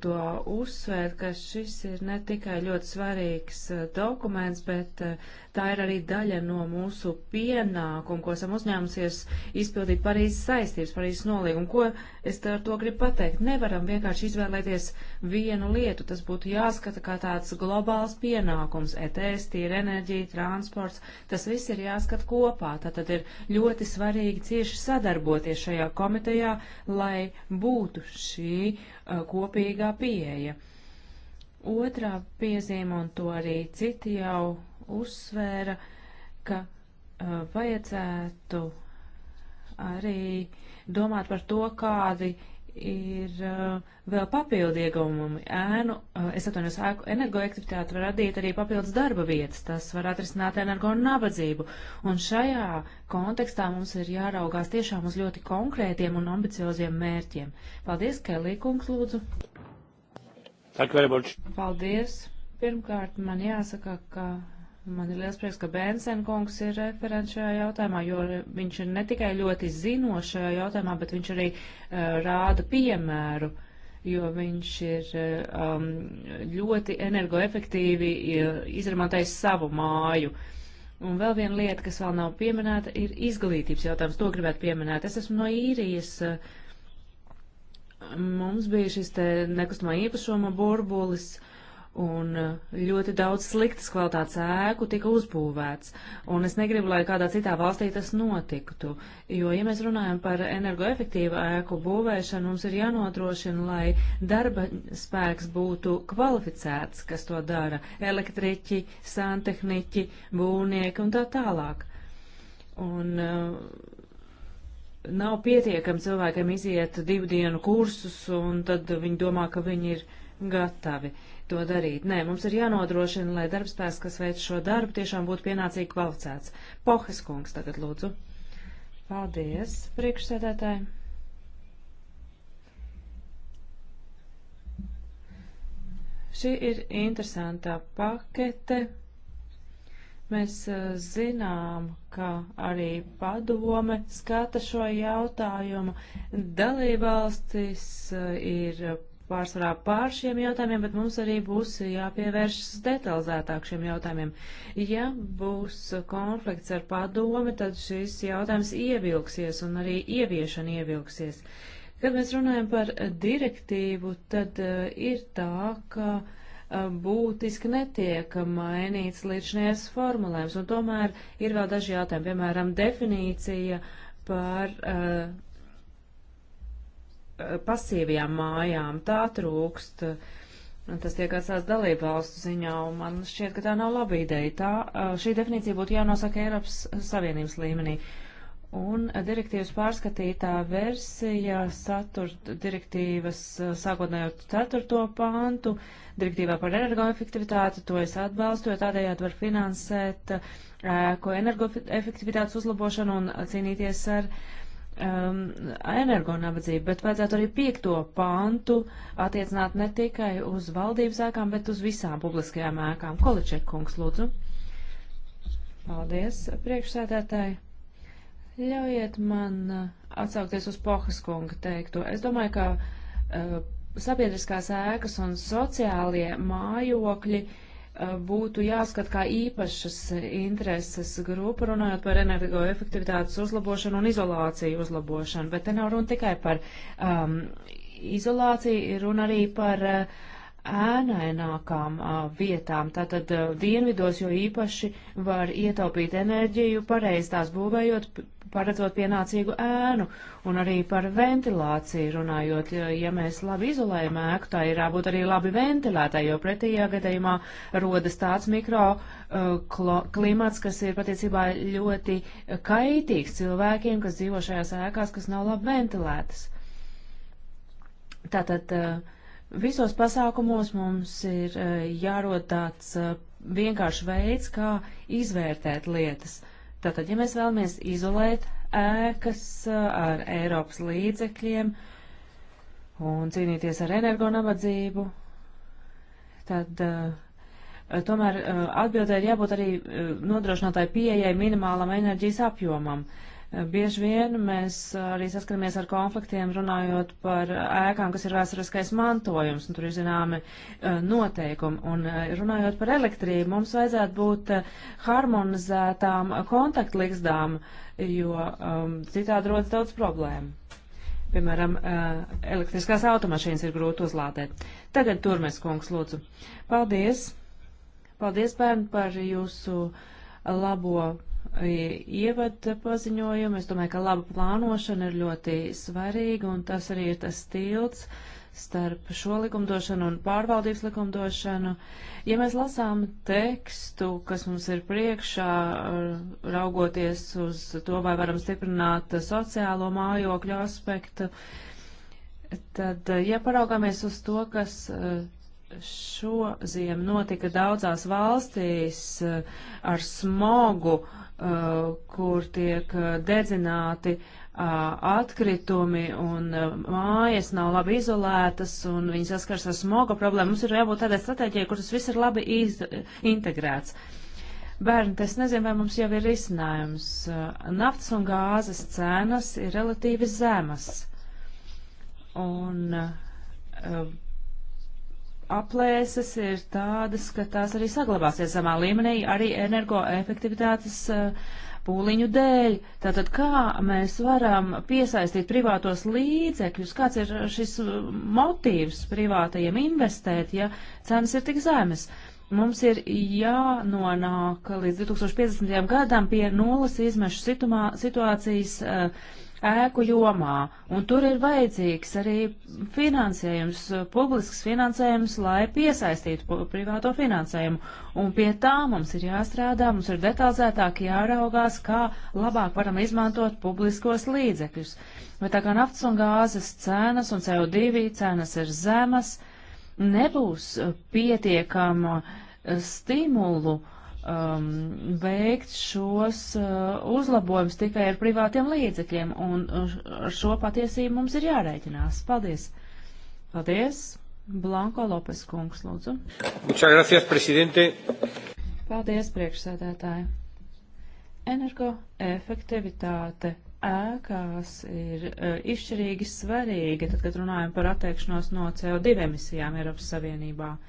to uzsvērt, ka šis ir ne tikai ļoti svarīgs eh, dokuments, bet eh, tā ir arī daļa no mūsu pienākuma, ko esam uzņēmusies izpildīt Parīzes saistības, Parīzes nolīgumu. Ko es ar to gribu pateikt? Nevaram vienkārši izvēlēties vienu lietu. Tas būtu jāskata kā tāds globāls pienākums. ETS, tīra enerģija, transports, tas viss ir jāskata kopā. Tātad ir ļoti svarīgi cieši sadarboties šajā komitejā, lai būtu šī Uh, kopīgā pieeja. Otrā piezīme, un to arī citi jau uzsvēra, ka uh, vajadzētu arī domāt par to, kādi ir uh, vēl papildu ieguvumi. Ēnu, uh, es atvainojos, ēku energoefektivitāte var radīt arī papildus darba vietas, tas var atrisināt energo un nabadzību. Un šajā kontekstā mums ir jāraugās tiešām uz ļoti konkrētiem un ambicioziem mērķiem. Paldies, Kelī kungs, lūdzu. Paldies. Pirmkārt, man jāsaka, ka Man ir liels prieks, ka Bēnsen kungs ir referents šajā jautājumā, jo viņš ir ne tikai ļoti zinošs šajā jautājumā, bet viņš arī uh, rāda piemēru, jo viņš ir eh, um, ļoti energoefektīvi izremontējis savu māju. Un vēl viena lieta, kas vēl nav pieminēta, ir izglītības jautājums. To gribētu pieminēt. Es esmu no īrijas. Uh, mums bija šis te nekustamā īpašuma burbulis. Uh, un eh, ļoti daudz sliktas kvalitātes ēku tika uzbūvēts. Un es negribu, lai kādā citā valstī tas notiktu, jo, ja mēs runājam par energoefektīvu ēku būvēšanu, mums ir jānodrošina, lai darba spēks būtu kvalificēts, kas to dara - elektriķi, santehniķi, būvnieki un tā tālāk. Un, uh, Nav pietiekami cilvēkiem iziet divu dienu kursus, un tad viņi domā, ka viņi ir gatavi. Uh, to darīt. Nē, mums ir jānodrošina, lai darbspēks, kas veic šo darbu, tiešām būtu pienācīgi kvalificēts. Pohes kungs tagad lūdzu. Paldies, priekšsēdētāji. Šī ir interesantā pakete. Mēs eh, zinām, ka arī padome skata šo jautājumu. Dalībvalstis eh, ir pārsvarā pār šiem jautājumiem, bet mums arī būs jāpievēršas detalizētāk šiem jautājumiem. Ja būs konflikts ar padomi, tad šis jautājums ievilksies un arī ieviešana ievilksies. Kad mēs runājam par direktīvu, tad uh, ir tā, ka uh, būtiski netiek mainīts līdzšanies formulējums, un tomēr ir vēl daži jautājumi, piemēram, definīcija par uh, pasīvajām mājām. Tā trūkst. Tas tiek atstās dalību valstu ziņā, un man šķiet, ka tā nav laba ideja. Tā, šī definīcija būtu jānosaka Eiropas Savienības līmenī. Un direktīvas pārskatītā versija satur direktīvas sākotnējo 4. pāntu, direktīvā par energoefektivitāti, to es atbalstu, jo tādējādi var finansēt ēko energoefektivitātes uzlabošanu un cīnīties ar uh, um, energonabadzību, bet vajadzētu arī piekto pantu attiecināt ne tikai uz valdības ēkām, bet uz visām publiskajām ēkām. Količek kungs, lūdzu. Paldies, priekšsēdētāji. Ļaujiet man uh, atsaukties uz Pohas kunga teikto. Es domāju, ka uh, sabiedriskās ēkas un sociālie mājokļi uh, Eh, būtu jāskat kā īpašas intereses grupa, runājot par energoefektivitātes uzlabošanu un izolāciju uzlabošanu. Bet te nav runa tikai par um, izolāciju, runa arī par uh, ēnainākām vietām. Tātad dienvidos jo īpaši var ietaupīt enerģiju, pareiz tās būvējot, paredzot pienācīgu ēnu un arī par ventilāciju runājot. Ja mēs labi izolējam ēku, tā ir jābūt arī labi ventilētai, jo pretējā gadījumā rodas tāds mikro uh, klimats, kas ir patiesībā ļoti kaitīgs cilvēkiem, kas dzīvo šajās ēkās, kas nav labi ventilētas. Tātad uh, Visos pasākumos mums ir eh, jārod tāds eh, vienkāršs veids, kā izvērtēt lietas. Tātad, ja mēs vēlamies izolēt ēkas eh, ar Eiropas līdzekļiem un cīnīties ar energonabadzību, tad tomēr atbildē ir jābūt arī nodrošinātāji pieejai minimālam enerģijas apjomam. Uh, Bieži vien mēs arī saskaramies ar konfliktiem runājot par ēkām, kas ir vēsturiskais mantojums, un tur ir zināmi e, noteikumi. Un e, runājot par elektrību, mums vajadzētu būt e, harmonizētām kontaktligzdām, jo um, citādi rodas daudz problēmu. Piemēram, elektriskās automašīnas ir grūti uzlādēt. Tagad turmēs kungs, lūdzu. Paldies! Paldies, bērni, par jūsu labo ievada paziņojumu. Es domāju, ka laba plānošana ir ļoti svarīga, un tas arī ir tas tilts starp šo likumdošanu un pārvaldības likumdošanu. Ja mēs lasām tekstu, kas mums ir priekšā, raugoties uz to, vai varam stiprināt sociālo mājokļu aspektu, tad, ja paraugāmies uz to, kas šo ziemu notika daudzās valstīs ar smogu, uh, Uh, kur tiek uh, dedzināti uh, atkritumi un mājas nav labi izolētas un viņi saskars ar smoga problēmu. Mums ir jābūt tādai stratēģijai, kur tas viss ir labi iz, integrēts. Bērni, es nezinu, vai mums jau ir risinājums. Naftas un gāzes cenas ir relatīvi zemas. Un aplēses ir tādas, ka tās arī saglabāsies samā līmenī, arī energoefektivitātes eh, pūliņu dēļ. Tātad kā mēs varam piesaistīt privātos līdzekļus, kāds ir šis eh, motīvs privātajiem investēt, ja cenas ir tik zemes? Mums ir jānonāk līdz 2050. gadam pie nulles izmešu situācijas uh, ēku jomā, un tur ir vajadzīgs arī finansējums, publisks finansējums, lai piesaistītu privāto finansējumu. Un pie tā mums ir jāstrādā, mums ir detalizētāk jāraugās, kā labāk varam izmantot publiskos līdzekļus. Bet tā kā naftas un gāzes cenas un CO2 cenas ir zemas, nebūs pietiekama stimulu uh, um, veikt šos uh, uzlabojumus tikai ar privātiem līdzekļiem, un ar šo patiesību mums ir jārēķinās. Paldies! Paldies! Blanko Lopes kungs, lūdzu. Muchas gracias, presidente. Paldies, priekšsēdētāji. Energoefektivitāte ēkās ir uh, izšķirīgi svarīga, tad, kad runājam par atteikšanos no CO2 emisijām Eiropas Savienībā. Uh,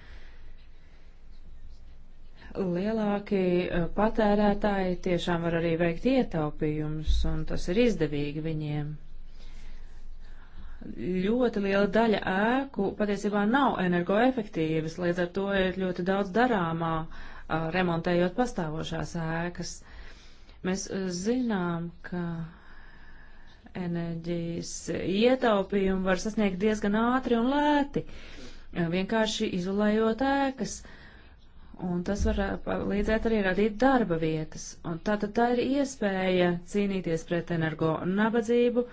lielāki eh, patērētāji tiešām var arī veikt ietaupījumus, un tas ir izdevīgi viņiem. Ļoti liela daļa ēku patiesībā nav energoefektīvas, līdz ar to ir ļoti daudz darāmā, eh, remontējot pastāvošās ēkas. Mēs eh, zinām, ka enerģijas ietaupījumu var sasniegt diezgan ātri un lēti, vienkārši izolējot ēkas. Uh, un tas var eh, palīdzēt arī radīt darba vietas. Un tātad tā ir iespēja cīnīties pret energo nabadzību.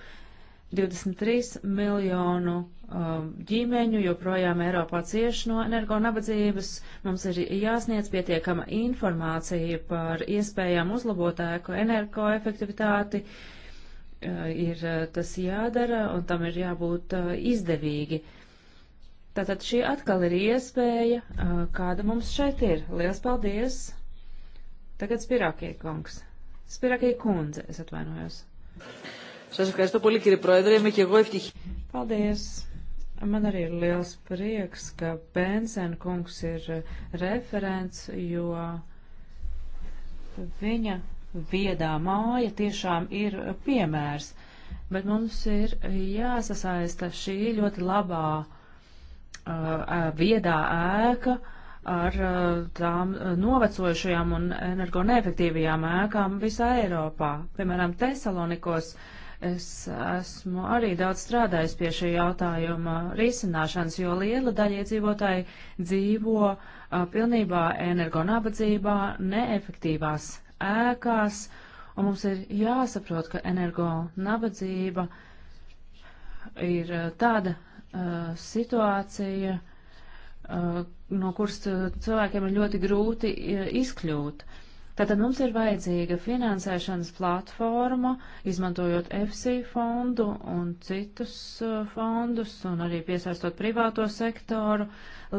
23 miljonu um, ģimeņu joprojām Eiropā cieš no energo nabadzības. Mums ir jāsniedz pietiekama informācija par iespējām uzlabot ēku energoefektivitāti. Uh, ir uh, tas jādara un tam ir jābūt uh, izdevīgi. Uh, Tātad šī atkal ir iespēja, kāda mums šeit ir. Lielas paldies! Tagad Spirākie kungs. Spirākie kundze, es atvainojos. Σας ευχαριστώ πολύ κύριε Πρόεδρε, είμαι και εγώ ευτυχή. Paldies! Man arī ir liels prieks, ka Bensēna kungs ir referents, jo viņa viedā māja tiešām ir piemērs. Bet mums ir jāsasaista šī ļoti labā uh, Uh, uh, viedā ēka ar uh, tām novecojušajām un energoneefektīvajām ēkām visā Eiropā. Piemēram, Tesalonikos es esmu arī daudz strādājis pie šī jautājuma risināšanas, jo liela daļa iedzīvotāji dzīvo a, pilnībā energonabadzībā, neefektīvās ēkās, un mums ir jāsaprot, ka energonabadzība ir tāda Eh, situācija, eh, no kuras cilvēkiem ir ļoti grūti eh, izkļūt. Tātad mums ir vajadzīga finansēšanas platforma, izmantojot EFSI fondu un citus fondus un arī piesaistot privāto sektoru,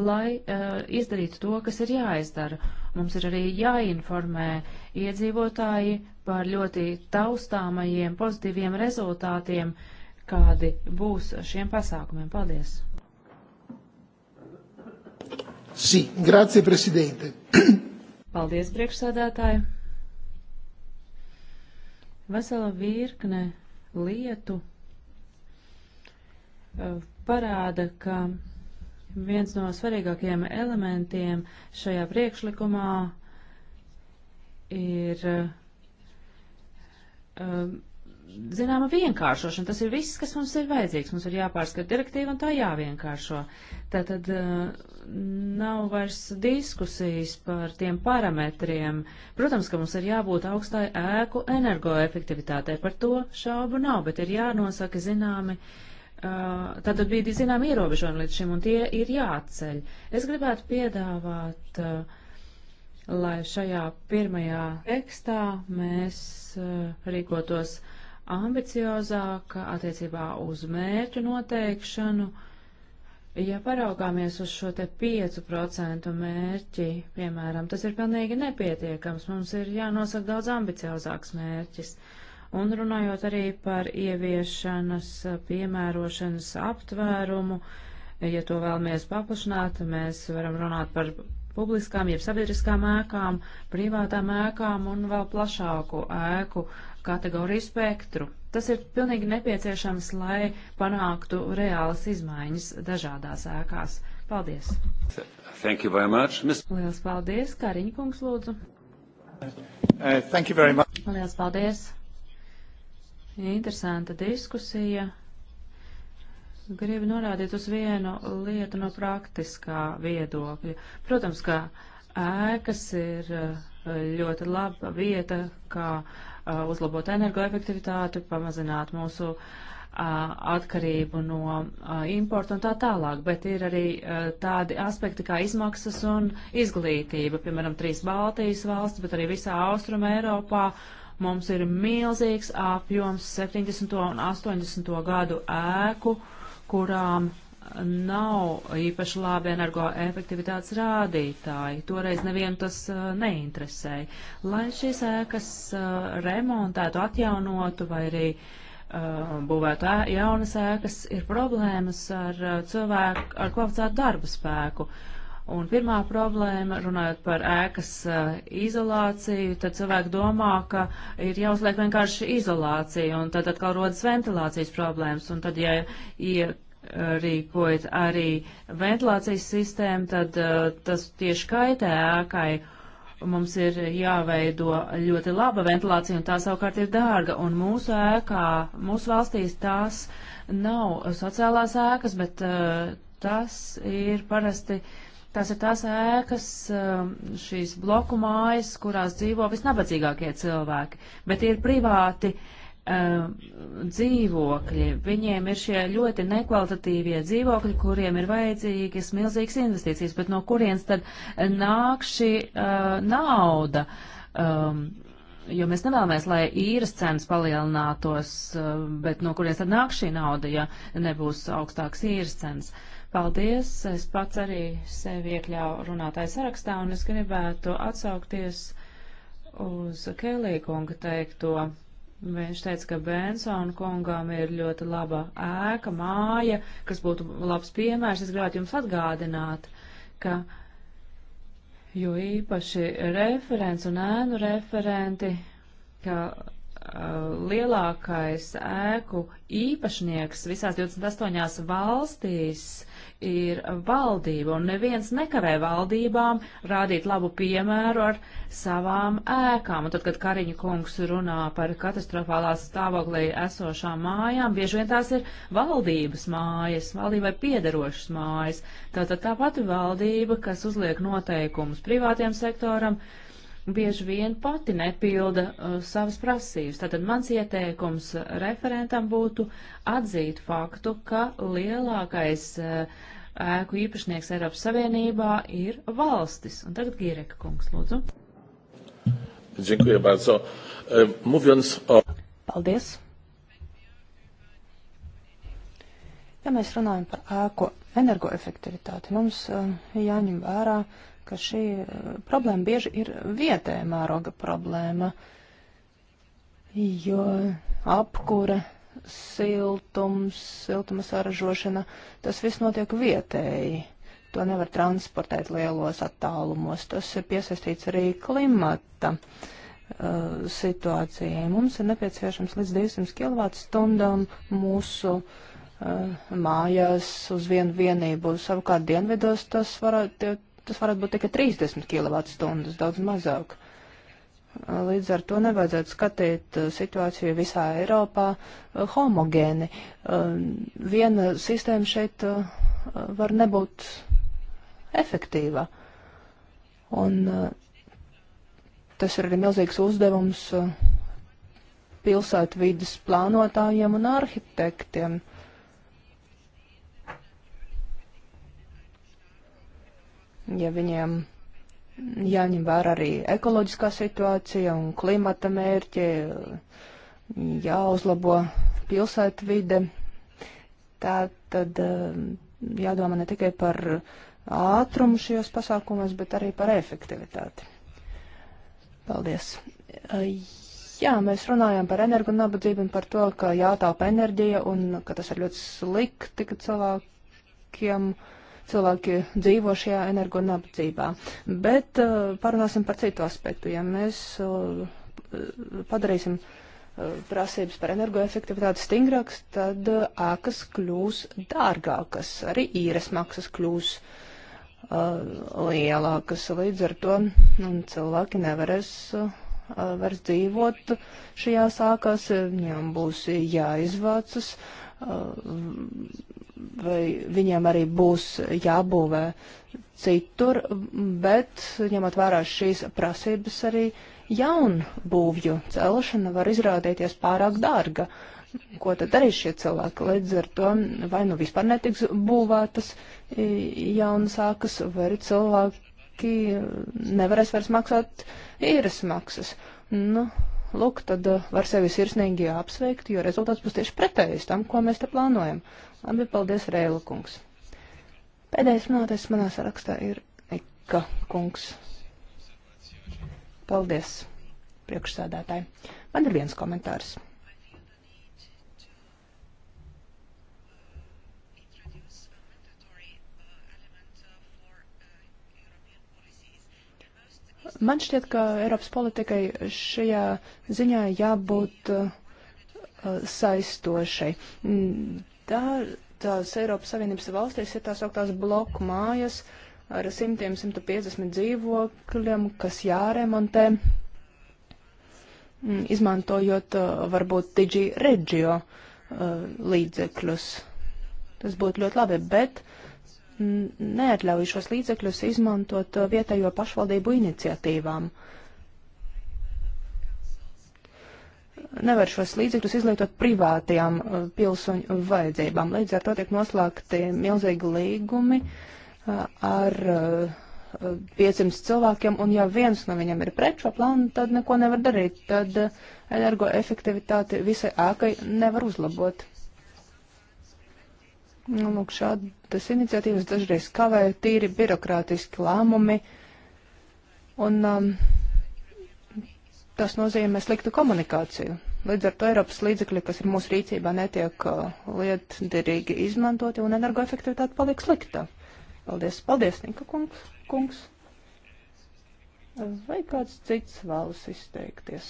lai uh, izdarītu to, kas ir jāizdara. Mums ir arī jāinformē iedzīvotāji par ļoti taustāmajiem pozitīviem rezultātiem, uh, kādi būs šiem pasākumiem. Paldies! Sī, sí, grazie, prezidente. Paldies, priekšsādātāji. Vesela virkne lietu eh, parāda, ka viens no svarīgākajiem elementiem šajā priekšlikumā ir um, zināma vienkāršošana. Tas ir viss, kas mums ir vajadzīgs. Mums ir jāpārskata direktīva un tā jāvienkāršo. Tā tad eh, nav vairs diskusijas par tiem parametriem. Protams, ka mums ir jābūt augstai ēku energoefektivitātei. Par to šaubu nav, bet ir jānosaka zināmi. Eh, tātad bija zinām ierobežojumi līdz šim, un tie ir jāatceļ. Es gribētu piedāvāt, eh, lai šajā pirmajā tekstā mēs rīkotos uh, ambiciozāka attiecībā uz mērķu noteikšanu. Ja paraugāmies uz šo te 5% mērķi, piemēram, tas ir pilnīgi nepietiekams, mums ir jānosaka daudz ambiciozāks mērķis. Un runājot arī par ieviešanas, piemērošanas aptvērumu, ja to vēlamies paplašināt, mēs varam runāt par publiskām, jeb sabiedriskām ēkām, privātām ēkām un vēl plašāku ēku kategoriju spektru. Tas ir pilnīgi nepieciešams, lai panāktu reālas izmaiņas dažādās ēkās. Paldies! Thank you very much. Miss... Lielas paldies, Kariņa kungs, lūdzu. Uh, thank you very much. Lielas paldies. Interesanta diskusija. Gribu norādīt uz vienu lietu no praktiskā viedokļa. Protams, ka ēkas ir uh, ļoti laba vieta, kā uh, Uh, uzlabot energoefektivitāti, pamazināt mūsu uh, atkarību no uh, importa un tā tālāk, bet ir arī tādi aspekti kā izmaksas un izglītība, piemēram, trīs Baltijas valsts, bet arī visā Austruma Eiropā mums ir milzīgs apjoms 70. un 80. gadu ēku, kurām nav īpaši labi energoefektivitātes rādītāji. Toreiz nevienu tas uh, neinteresēja. Lai šīs ēkas uh, remontētu, atjaunotu vai arī uh, būvētu ē, jaunas ēkas, ir problēmas ar cilvēku, ar kvalificētu darba spēku. Un pirmā problēma, runājot par ēkas uh, izolāciju, tad cilvēki domā, ka ir jāuzliek vienkārši izolācija, un tad atkal rodas ventilācijas problēmas, un tad, ja ie, rīkojat arī ventilācijas sistēmu, tad eh, tas tieši kaitē ēkai. Mums ir jāveido ļoti laba ventilācija, un tā savukārt ir dārga. Un mūsu ēkā, mūsu valstīs tās nav sociālās ēkas, bet eh, tas ir parasti Tās ir tās ēkas, eh, šīs bloku mājas, kurās dzīvo visnabadzīgākie cilvēki, bet ir privāti Um, dzīvokļi. Viņiem ir šie ļoti nekvalitatīvie dzīvokļi, kuriem ir vajadzīgas milzīgas investīcijas, bet no kurienes tad nāk šī uh, nauda? Um, jo mēs nevēlamies, lai īres cenas palielinātos, uh, bet no kurienes tad nāk šī nauda, ja nebūs augstāks īres cenas? Paldies! Es pats arī sevi iekļauju runātāju sarakstā, un es gribētu atsaukties uz Kelīkunga teikto Viņš teica, ka Bensona kungām ir ļoti laba ēka, māja, kas būtu labs piemērs. Es gribētu jums atgādināt, ka jo īpaši referents un ēnu referenti, ka Uh, lielākais ēku īpašnieks visās 28 valstīs ir valdība, un neviens nekavē valdībām rādīt labu piemēru ar savām ēkām. Un tad, kad Kariņa kungs runā par katastrofālā stāvoklī esošām mājām, bieži vien tās ir valdības mājas, valdībai piederošas mājas. Tātad tā pati valdība, kas uzliek noteikumus privātiem sektoram, uh, bieži vien pati nepilda uh, savas prasības. Tātad mans ieteikums referentam būtu atzīt faktu, ka lielākais uh, ēku īpašnieks Eiropas Savienībā ir valstis. Un tagad Giereka kungs, lūdzu. Dziękuję bardzo. E, mówiąc o... Paldies. Ja mēs runājam par ēku energoefektivitāti, mums uh, jāņem vērā uh, ka šī eh, problēma bieži ir vietējā mēroga problēma, jo apkure, siltums, siltuma saražošana, tas viss notiek vietēji. To nevar transportēt lielos attālumos. Tas ir piesaistīts arī klimata uh, situācijai. Mums ir nepieciešams līdz 200 kWh mūsu uh, mājās uz vienu vienību. Savukārt dienvidos tas varētu tas varētu būt tikai 30 kWh, daudz mazāk. Līdz ar to nevajadzētu skatīt situāciju visā Eiropā homogēni. Viena sistēma šeit var nebūt efektīva. Un tas ir arī milzīgs uzdevums pilsētvidas plānotājiem un arhitektiem. ja viņiem jāņem vērā arī ekoloģiskā situācija un klimata mērķi, jāuzlabo pilsētu vide. Tā tad um, jādomā ne tikai par ātrumu šajos pasākumos, bet arī par efektivitāti. Paldies. Uh, jā, mēs runājam par energonabadzību un par to, ka jātaupa enerģija un ka tas ir ļoti slikti, ka cilvēkiem uh, cilvēki dzīvo šajā energonabadzībā. Bet uh, parunāsim par citu aspektu. Ja mēs uh, padarīsim uh, prasības par energoefektivitāti stingrākas, tad uh, ēkas kļūs dārgākas, arī īres maksas kļūs uh, lielākas. Līdz ar to nu, cilvēki nevarēs uh, vairs dzīvot šajās ēkās, viņiem būs jāizvācas vai viņiem arī būs jābūvē citur, bet ņemot vērā šīs prasības arī jaunbūvju celšana var izrādīties pārāk dārga. Ko tad darīs šie cilvēki? Līdz ar to vai nu vispār netiks būvētas jaunasākas, vai arī cilvēki nevarēs vairs maksāt īres maksas. Nu, lūk, tad var sevi sirsnīgi apsveikt, jo rezultāts būs tieši pretējs tam, ko mēs te plānojam. Labi, paldies, Rēla kungs. Pēdējais runātais manā sarakstā ir Nika kungs. Paldies, priekšsādātāji. Man ir viens komentārs. Man šķiet, ka Eiropas politikai šajā ziņā jābūt uh, saistošai. Mm, Tā, tās Eiropas Savienības valstīs ir tās augtās bloku mājas ar simtiem, 150 dzīvokļiem, kas jāremontē, mm, izmantojot uh, varbūt Digi Regio uh, līdzekļus. Tas būtu ļoti labi, bet mm, neatļauju šos līdzekļus izmantot uh, vietējo pašvaldību iniciatīvām. Uh, nevar šos līdzekļus izlietot privātajām uh, pilsoņu vajadzībām. Līdz ar to tiek noslēgti milzīgi līgumi uh, ar 500 uh, cilvēkiem, un ja viens no viņiem ir pret šo plānu, tad neko nevar darīt. Tad energoefektivitāti visai ēkai nevar uzlabot. Nu, lūk, šādas iniciatīvas dažreiz kavē tīri birokrātiski lēmumi. Un, um, tas nozīmē sliktu komunikāciju. Līdz ar to Eiropas līdzekļi, kas ir mūsu rīcībā, netiek uh, lietderīgi izmantoti un energoefektivitāte paliek slikta. Paldies, paldies, Nika kungs. kungs. Vai kāds cits vēlas izteikties?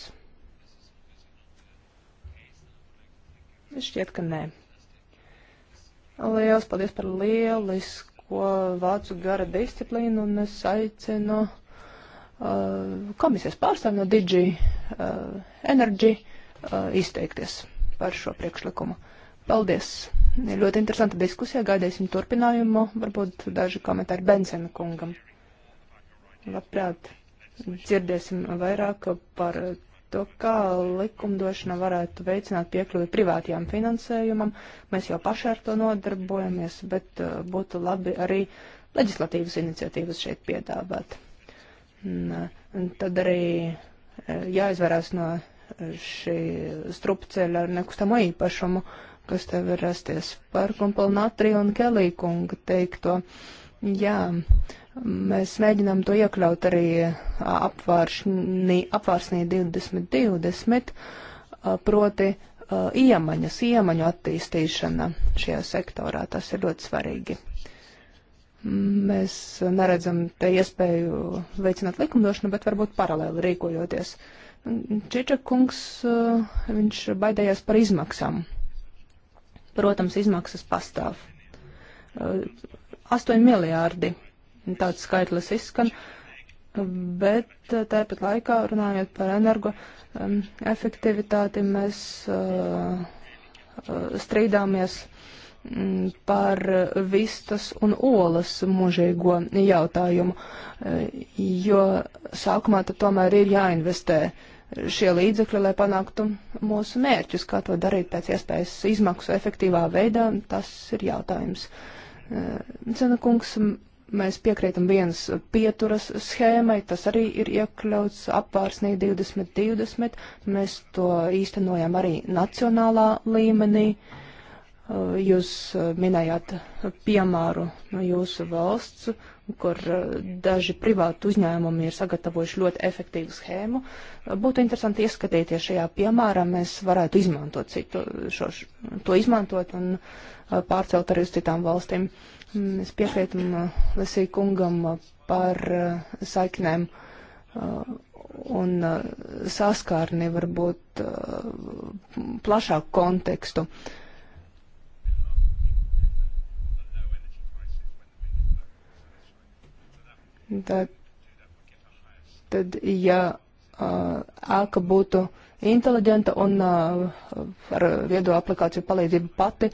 Šķiet, ka nē. Lielas paldies par lielisko vācu gara disciplīnu un es aicinu. No Uh, komisijas pārstāvi no Digi uh, Energy uh, izteikties par šo priekšlikumu. Paldies! Ļoti interesanta diskusija, gaidīsim turpinājumu, varbūt daži komentāri Bensena kungam. Labprāt, dzirdēsim vairāk par to, kā likumdošana varētu veicināt piekļuvi privātajām finansējumam. Mēs jau paši ar to nodarbojamies, bet būtu labi arī leģislatīvas iniciatīvas šeit piedāvāt. Un tad arī e, jāizvarās no e, šī strupceļa ar nekustamo īpašumu, kas tev ir rasties par kumpalu natriju un kelīkungu teikto. Jā, mēs mēģinām to iekļaut arī apvāršnī, apvārsnī 2020, proti iemaņas, iemaņu attīstīšana šajā sektorā. Tas ir ļoti svarīgi. Mēs neredzam te iespēju veicināt likumdošanu, bet varbūt paralēli rīkojoties. Čiča kungs, eh, viņš baidējās par izmaksām. Protams, izmaksas pastāv. 8 eh, miljārdi tāds skaitlis izskan, bet tāpat laikā, runājot par energo efektivitāti, mēs eh, strīdāmies Mm, par vistas un olas mūžīgo jautājumu, eh, jo sākumā tad tomēr ir jāinvestē šie līdzekļi, lai panāktu mūsu mērķus, kā to darīt pēc iespējas izmaksu efektīvā veidā, tas ir jautājums. Cena eh, kungs, mēs piekrītam vienas pieturas schēmai, tas arī ir iekļauts apvārsnī 2020, mēs to īstenojam arī nacionālā līmenī. Uh, Eh, jūs eh, minējāt piemēru no jūsu valsts, kur eh, daži privāti uzņēmumi ir sagatavojuši ļoti efektīvu schēmu. Būtu interesanti ieskatīties šajā piemērā, mēs varētu izmantot citu, šo, to izmantot un pārcelt arī uz citām valstīm. Mēs mm, piekrītam mm, Lesī kungam par saiknēm un saskārni varbūt plašāku kontekstu. Uh, Tad, tad ja ēka būtu inteliģenta un ar viedo aplikāciju palīdzību pati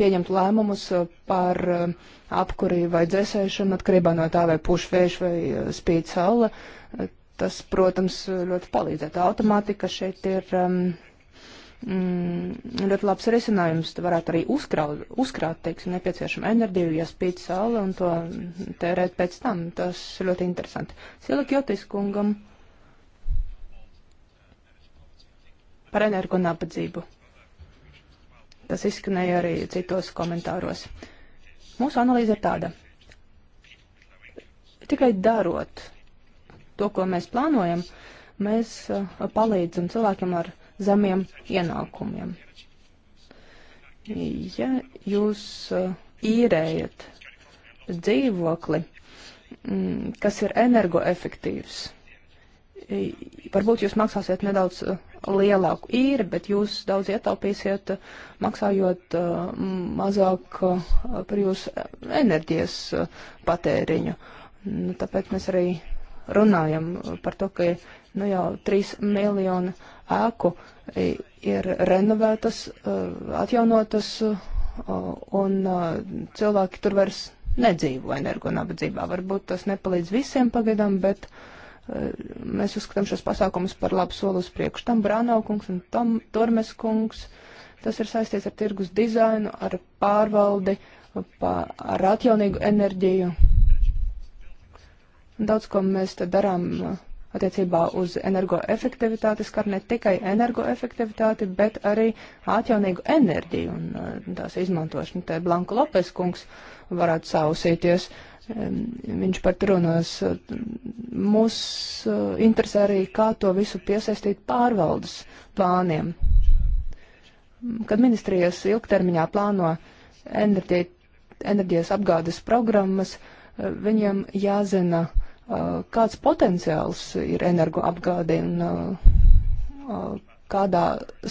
pieņemt lēmumus par apkurī vai dzēsēšanu atkarībā no tā, vai puš vējš vai spīd saule. Tas, protams, ļoti palīdzētu. Automātika šeit ir mm, ļoti labs risinājums. Te varētu arī uzkraut, uzkrāt, teiksim, nepieciešamu enerģiju, ja spīd saule un to tērēt pēc tam. Tas ir ļoti interesanti. Silik Jotis kungam par energo nabadzību. Tas izskanēja arī citos komentāros. Mūsu analīze ir tāda. Tikai darot to, ko mēs plānojam, mēs uh, palīdzam cilvēkiem ar uh, zemiem ienākumiem. Ja jūs uh, īrējat dzīvokli, mm, kas ir energoefektīvs, varbūt jūs maksāsiet nedaudz uh, lielāku īri, bet jūs daudz ietaupīsiet, uh, maksājot mazāk par jūsu enerģijas patēriņu. Nu, tāpēc mēs arī runājam par to, ka Nu jau 3 miljonu ēku ir renovētas, e, atjaunotas, e, un e, cilvēki tur vairs nedzīvo energonabadzībā. Varbūt tas nepalīdz visiem pagaidām, bet mēs uzskatām šos pasākumus par labu soli uz priekšu. Tam Brānaukungs un tam Tormes kungs. Tas ir saistīts ar tirgus dizainu, ar pārvaldi, pa, ar atjaunīgu enerģiju. Daudz ko mēs te darām attiecībā uz energoefektivitāti skar ne tikai energoefektivitāti, bet arī atjaunīgu enerģiju un uh, tās izmantošanu. Te Blanka Lopes kungs varētu sausīties. Um, viņš par to runās. Mūs uh, interesē arī, kā to visu piesaistīt pārvaldes plāniem. Kad ministrijas ilgtermiņā plāno enerģi, enerģijas apgādes programmas, uh, viņiem jāzina, uh, kāds potenciāls ir energoapgāde un kādā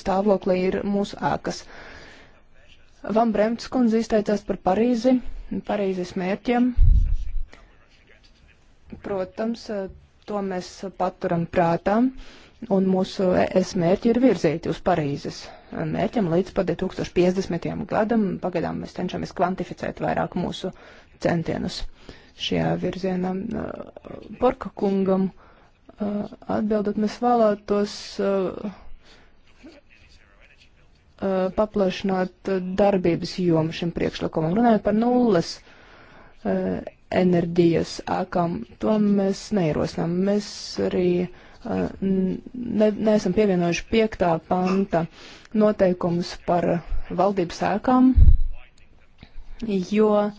stāvoklī ir mūsu ēkas. Van Bremts kundze izteicās par Parīzi, Parīzes mērķiem. Protams, to mēs paturam prātā, un mūsu ES mērķi ir virzīti uz Parīzes mērķiem līdz pat 2050. gadam. Pagaidām mēs cenšamies kvantificēt vairāk mūsu centienus. Uh, šajā virzienā. Porka kungam atbildot, mēs vēlētos paplašināt darbības jomu šim priekšlikumam. Runājot par nulles enerģijas ēkām, to mēs neierosinām. Mēs arī ne, neesam pievienojuši piektā panta noteikumus par valdības ēkām, jo uh,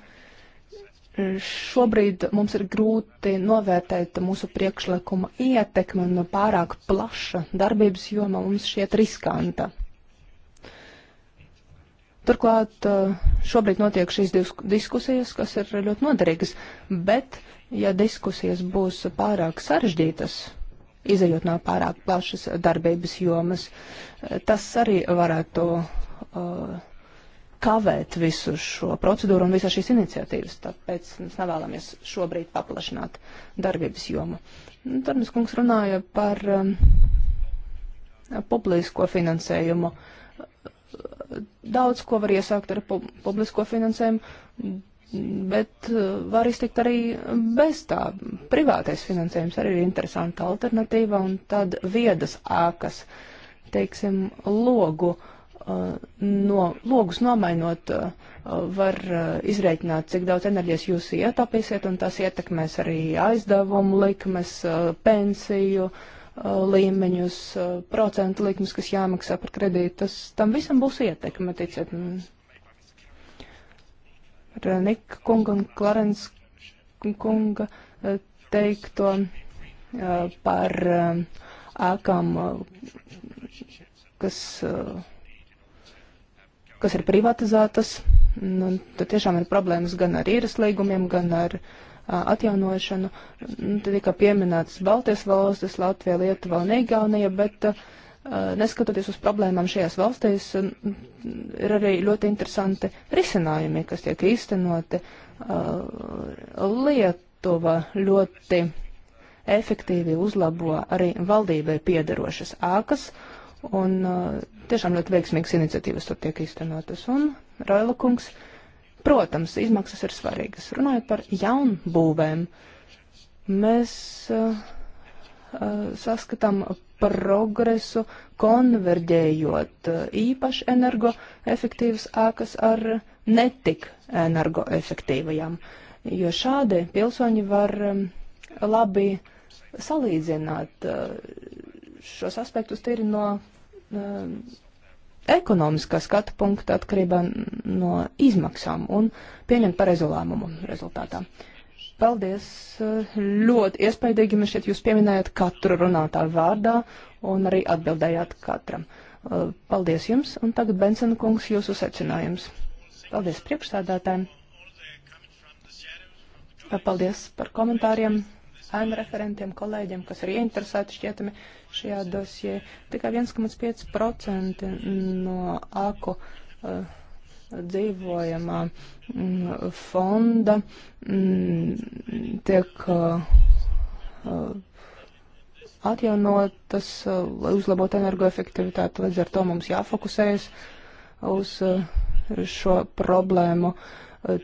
Šobrīd mums ir grūti novērtēt mūsu priekšlikuma ietekmi un pārāk plaša darbības joma mums šķiet riskanta. Turklāt eh, šobrīd notiek šīs diskusijas, kas ir ļoti noderīgas, bet ja diskusijas būs pārāk sarežģītas, izējot no pārāk plašas darbības jomas, tas arī varētu uh, kavēt visu šo procedūru un visas šīs iniciatīvas, tāpēc mēs nevēlamies šobrīd paplašināt darbības jomu. Nu, Tarnis kungs runāja par um, publisko finansējumu. Daudz ko var iesākt ar pu publisko finansējumu, bet uh, var iztikt arī bez tā. Privātais finansējums arī ir interesanta alternatīva un tad viedas ēkas, teiksim, logu. Uh, Uh, no logus nomainot, uh, var uh, izreikināt, cik daudz enerģijas jūs ietapīsiet, un tas ietekmēs arī aizdevumu likmes, pensiju līmeņus, procentu likmes, kas jāmaksā par kredītu. Tas tam visam būs ietekme, ticiet. Par Nika kunga un Klarens kunga teikto par ēkām, kas. Uh, kas ir privatizētas. Nu, tad tiešām ir problēmas gan ar īres līgumiem, gan ar a, atjaunošanu. Nu, tad tika pieminētas Baltijas valstis, Latvija, Lietuva un Igaunija, bet a, neskatoties uz problēmām šajās valstīs, ir arī ļoti interesanti risinājumi, kas tiek īstenoti. A, Lietuva ļoti efektīvi uzlabo arī valdībai piedarošas ēkas. Uh, Un uh, tiešām ļoti veiksmīgas iniciatīvas tur tiek īstenotas. Un Raila kungs, protams, izmaksas ir svarīgas. Runājot par jaunbūvēm, mēs uh, uh saskatām progresu konverģējot uh, īpaši energoefektīvas ēkas ar netik energoefektīvajām, jo šādi pilsoņi var um, labi salīdzināt šos aspektus tīri no um, ekonomiskā skatu punkta atkarībā no izmaksām un pieņemt pareizo lēmumu rezultātā. Paldies! Uh, ļoti iespaidīgi man šķiet jūs pieminējat katru runātāju vārdā un arī atbildējāt katram. Uh, paldies jums! Un tagad Bensena kungs jūsu secinājums. Paldies priekšsādātājiem! Paldies par komentāriem! ēnu referentiem, kolēģiem, kas ir ieinteresēti šķietami šajā dosijā. Tikai 1,5% no āku uh, dzīvojamā mm, fonda mm, tiek uh, atjaunotas, uh, lai uzlabotu energoefektivitāti. Līdz ar to mums jāfokusējas uz uh, šo problēmu.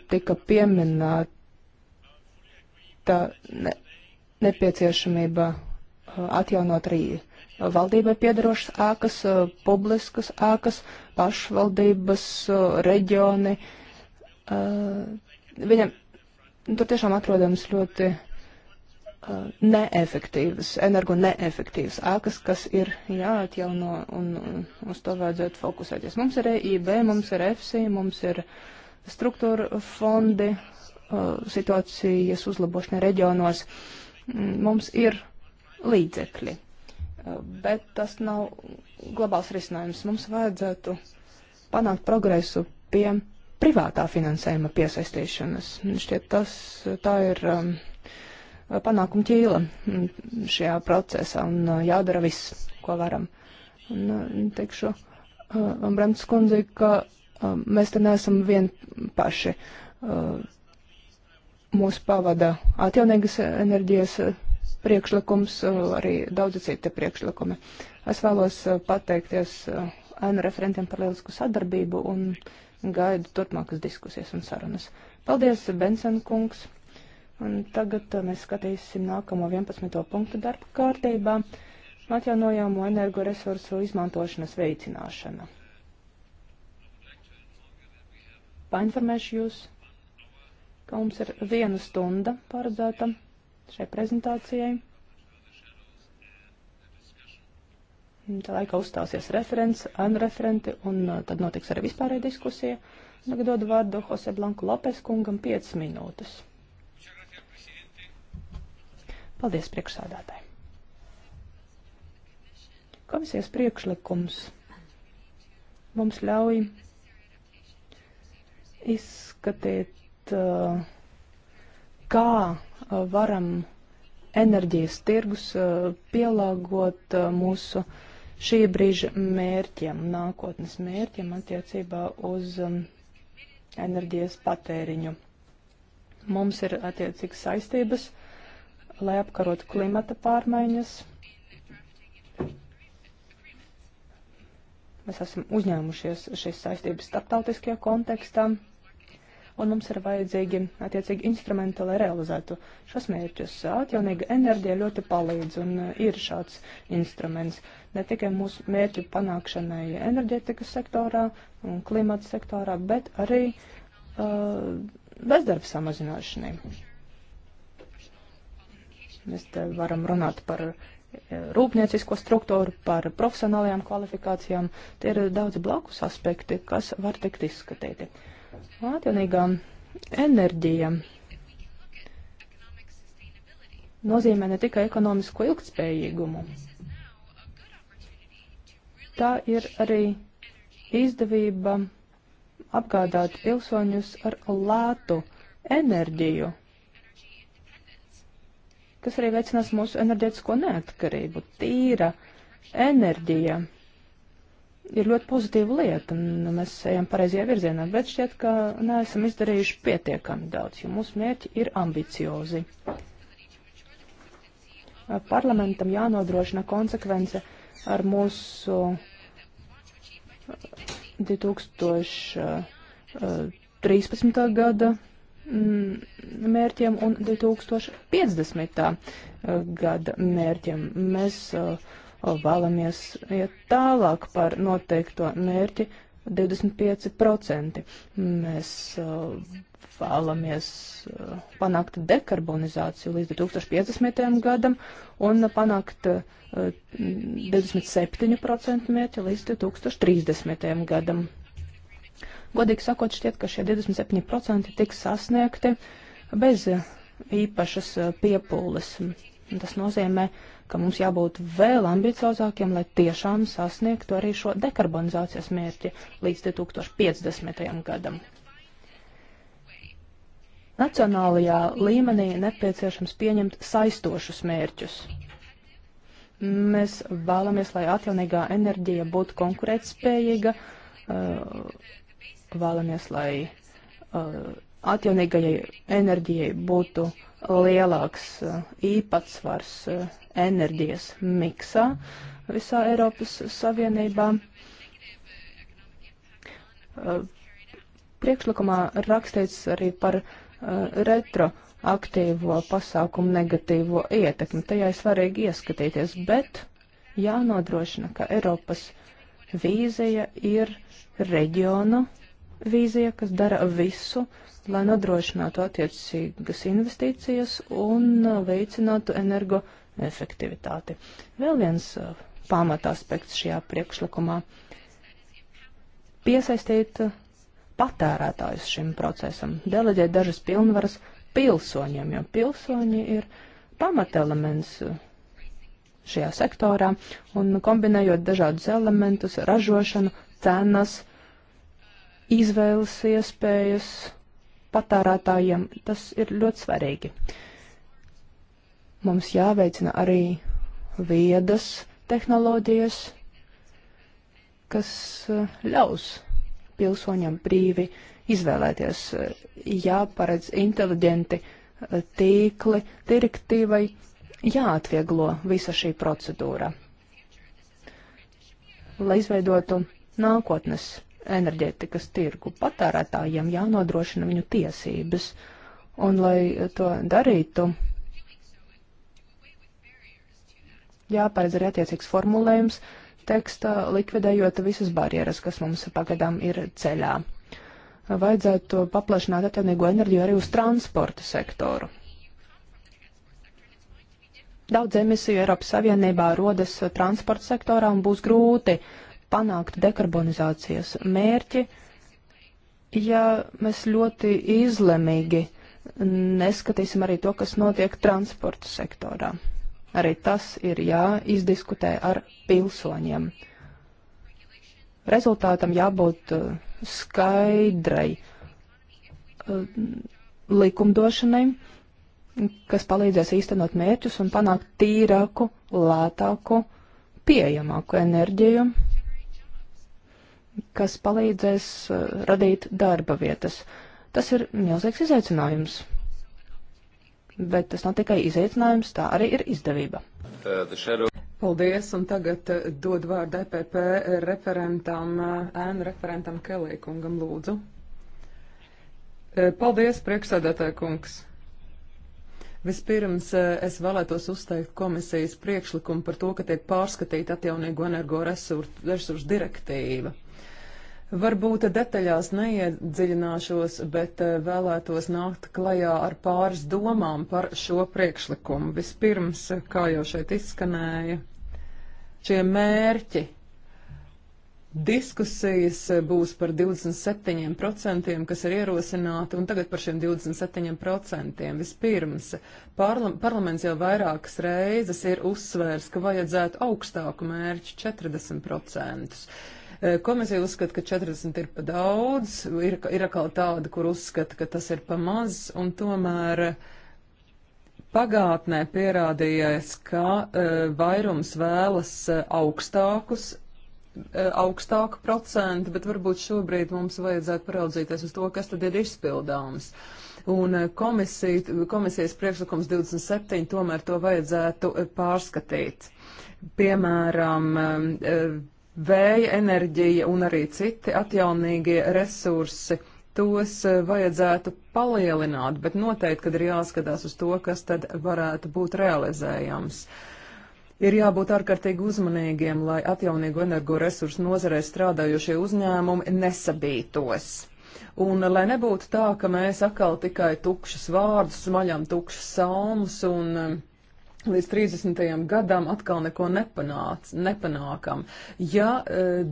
Tika pieminēta ne, nepieciešamība uh, atjaunot arī uh, valdībai piedarošas ēkas, uh, publiskas ēkas, pašvaldības, reģioni. Viņam nu, tur tiešām atrodams ļoti neefektīvas, energo neefektīvas ēkas, kas ir jāatjauno un uz to vajadzētu fokusēties. Mums ir EIB, mums ir EFSI, mums ir struktūra fondi, situācijas uzlabošana reģionos. Uh, Mums ir līdzekļi, bet tas nav globāls risinājums. Mums vajadzētu panākt progresu pie privātā finansējuma piesaistīšanas. Šķiet, tas tā ir um, panākuma ķīla šajā procesā un uh, jādara viss, ko varam. Un, uh, teikšu, uh, Bremts kundzi, ka uh, mēs te neesam vien paši. Uh, mūs pavada atjaunīgas enerģijas priekšlikums, eh, arī daudzi citi priekšlikumi. Es vēlos eh, pateikties ANU eh, referentiem par lielisku sadarbību un gaidu turpmākas diskusijas un sarunas. Paldies, Bensen kungs! Un tagad mēs skatīsim nākamo 11. punktu darba kārtībā - atjaunojamo energoresursu izmantošanas veicināšana. Painformēšu jūs ka mums ir viena stunda paredzēta šai prezentācijai. Tā laikā uzstāsies referents, anreferenti, un uh, tad notiks arī vispārēja diskusija. Tagad dodu vārdu Jose Blanku Lopes kungam 5 minūtes. Paldies priekšsādātāji. Komisijas priekšlikums mums ļauj izskatīt Eh, kā eh, varam enerģijas tirgus eh, pielāgot mūsu šī brīža mērķiem, nākotnes mērķiem attiecībā uz enerģijas patēriņu. Mums ir attiecīgas saistības, lai apkarotu klimata pārmaiņas. Mēs esam uzņēmušies šīs saistības starptautiskajā kontekstā un mums ir vajadzīgi attiecīgi instrumenti, lai realizētu šos mērķus. Atjaunīga enerģija ļoti palīdz, un uh, ir šāds instruments ne tikai mūsu mērķu panākšanai enerģētikas sektorā un klimata sektorā, bet arī uh, bezdarba samazināšanai. Mēs te varam runāt par uh, rūpniecisko struktūru, par profesionālajām kvalifikācijām. Tie ir daudz blakus aspekti, kas var tikt izskatīti. Uh, Atjaunīgā enerģija nozīmē ne tikai ekonomisko ilgtspējīgumu. Tā ir arī izdevība apgādāt pilsoņus ar lētu enerģiju, kas arī veicinās mūsu enerģētisko neatkarību. Tīra enerģija ir ļoti pozitīva lieta, un mēs ejam pareizajā virzienā, bet šķiet, ka neesam izdarījuši pietiekami daudz, jo mūsu mērķi ir ambiciozi. Parlamentam jānodrošina konsekvence ar mūsu 2013. Uh, uh, uh, gada mm, mērķiem un 2050. gada mērķiem. Mēs uh, vēlamies iet tālāk par noteikto mērķi 25%. Mēs uh, vēlamies uh, panākt dekarbonizāciju līdz 2050. gadam un panākt 27% uh, mērķi līdz 2030. gadam. Godīgi sakot, šķiet, ka šie 27% tiks sasniegti bez īpašas piepūles. Tas nozīmē, uh, ka mums jābūt vēl ambiciozākiem, lai tiešām sasniegtu arī šo dekarbonizācijas mērķi līdz 2050. gadam. Nacionālajā līmenī nepieciešams pieņemt saistošus mērķus. Mēs vēlamies, lai atjaunīgā enerģija būtu konkurētspējīga, uh, vēlamies, lai uh, atjaunīgajai enerģijai būtu uh, lielāks eh, īpatsvars eh, enerģijas miksā visā Eiropas Savienībā. Eh, priekšlikumā rakstīts arī par retroaktīvo pasākumu negatīvo ietekmi. Tajā ir svarīgi ieskatīties, bet jānodrošina, ka Eiropas vīzija ir reģionu vīzija, kas dara visu, lai nodrošinātu attiecīgas investīcijas un uh, veicinātu energoefektivitāti. Vēl viens uh, pamata aspekts šajā priekšlikumā - piesaistīt uh, patērētājus šim procesam, deleģēt dažas pilnvaras pilsoņiem, jo pilsoņi ir pamatelements šajā sektorā, un kombinējot dažādus elementus - ražošanu, cenas, izvēles iespējas patērētājiem. Tas ir ļoti svarīgi. Mums jāveicina arī viedas tehnoloģijas, kas eh, ļaus pilsoņiem brīvi izvēlēties. Eh, jāparedz inteliģenti eh, tīkli direktīvai, jāatvieglo visa šī procedūra, lai izveidotu nākotnes enerģētikas tirgu. Patērētājiem jānodrošina viņu tiesības, un lai to darītu, jāparedz arī attiecīgs formulējums teksta, likvidējot visas barjeras, kas mums pagadām ir ceļā. Vajadzētu paplašināt atjaunīgo enerģiju arī uz transporta sektoru. Daudz emisiju Eiropas Savienībā rodas transporta sektorā un būs grūti uh, panākt dekarbonizācijas mērķi, ja mēs ļoti izlemīgi neskatīsim arī to, kas notiek transporta sektorā. Arī tas ir jāizdiskutē ar pilsoņiem. Rezultātam jābūt uh, skaidrai uh, likumdošanai, kas palīdzēs īstenot mērķus un panākt tīrāku, lētāku, pieejamāku enerģiju kas palīdzēs eh, radīt darba vietas. Tas ir milzīgs izaicinājums. Bet tas nav tikai izaicinājums, tā arī ir izdevība. Paldies, un tagad eh, dod vārdu EPP referentam, eh, ēnu referentam Kelīkungam lūdzu. Paldies, priekšsēdētāja kungs. Vispirms es vēlētos uzteikt komisijas priekšlikumu par to, ka tiek pārskatīta atjaunīgo energoresursu direktīva. Uh, Varbūt detaļās neiedziļināšos, bet eh, vēlētos nākt klajā ar pāris domām par šo priekšlikumu. Vispirms, eh, kā jau šeit izskanēja, šie mērķi diskusijas eh, būs par 27%, kas ir ierosināti, un tagad par šiem 27%. Vispirms, parla parlaments jau vairākas reizes ir uzsvērs, ka vajadzētu augstāku mērķu 40%. Eh, komisija uzskata, ka 40 ir pa daudz, ir, ir atkal tāda, kur uzskata, ka tas ir pa maz, un tomēr pagātnē pierādījies, ka eh, vairums vēlas eh, augstākus augstāku procentu, bet varbūt šobrīd mums vajadzētu paraudzīties uz to, kas tad ir izpildāms. Un komisija, komisijas priekšlikums 27 tomēr to vajadzētu pārskatīt. Piemēram, vēja enerģija un arī citi atjaunīgie resursi, tos eh, vajadzētu palielināt, bet noteikti, kad ir jāskatās uz to, kas tad varētu būt realizējams. Ir jābūt ārkārtīgi uzmanīgiem, lai atjaunīgo energoresursu nozarē strādājošie uzņēmumi nesabītos. Un eh, lai nebūtu tā, ka mēs atkal tikai tukšas vārdus, maļam tukšas salmus un eh, līdz 30. gadam atkal neko nepanāc, nepanākam. Ja e,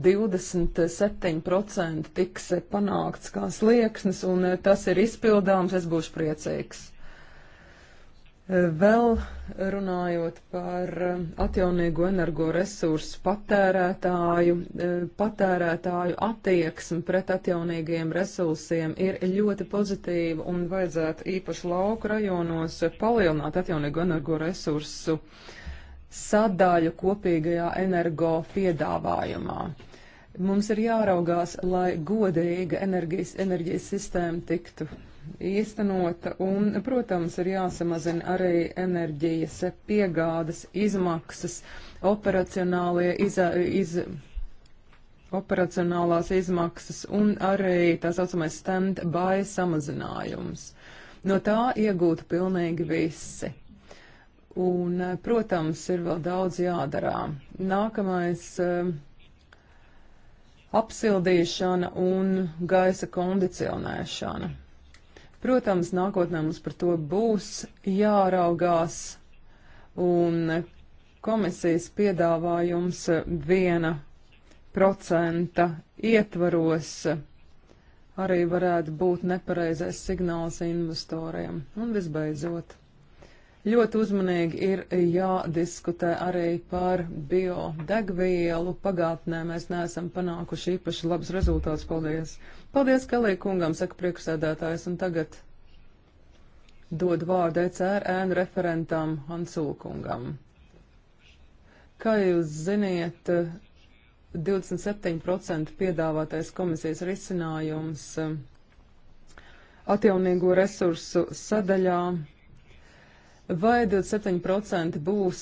27% tiks panākts kā slieksnis un e, tas ir izpildāms, es būšu priecīgs. Vēl runājot par um, atjaunīgo energoresursu patērētāju, um, patērētāju attieksmi pret atjaunīgiem resursiem ir ļoti pozitīva un vajadzētu īpaši lauku rajonos palielināt atjaunīgo energoresursu sadaļu kopīgajā energo piedāvājumā. Mums ir jāraugās, lai godīga enerģijas, enerģijas sistēma tiktu īstenota, un, protams, ir jāsamazina arī enerģijas piegādes izmaksas, operacionālie izā, iz, operacionālās izmaksas un arī tā saucamais stand-by samazinājums. No tā iegūtu pilnīgi visi. Un, protams, ir vēl daudz jādarā. Nākamais eh, apsildīšana un gaisa kondicionēšana. Protams, nākotnē mums par to būs jāraugās, un komisijas piedāvājums viena procenta ietvaros arī varētu būt nepareizais signāls investoriem. Un visbeidzot. Ļoti uzmanīgi ir jādiskutē arī par biodegvielu. Pagātnē mēs neesam panākuši īpaši labs rezultāts. Paldies! Paldies, Kalī kungam, saka priekšsēdētājs, un tagad dod vārdu ECRN referentam Hansulkungam. Kā jūs ziniet, 27% piedāvātais komisijas risinājums atjaunīgo resursu sadaļā vai 27% būs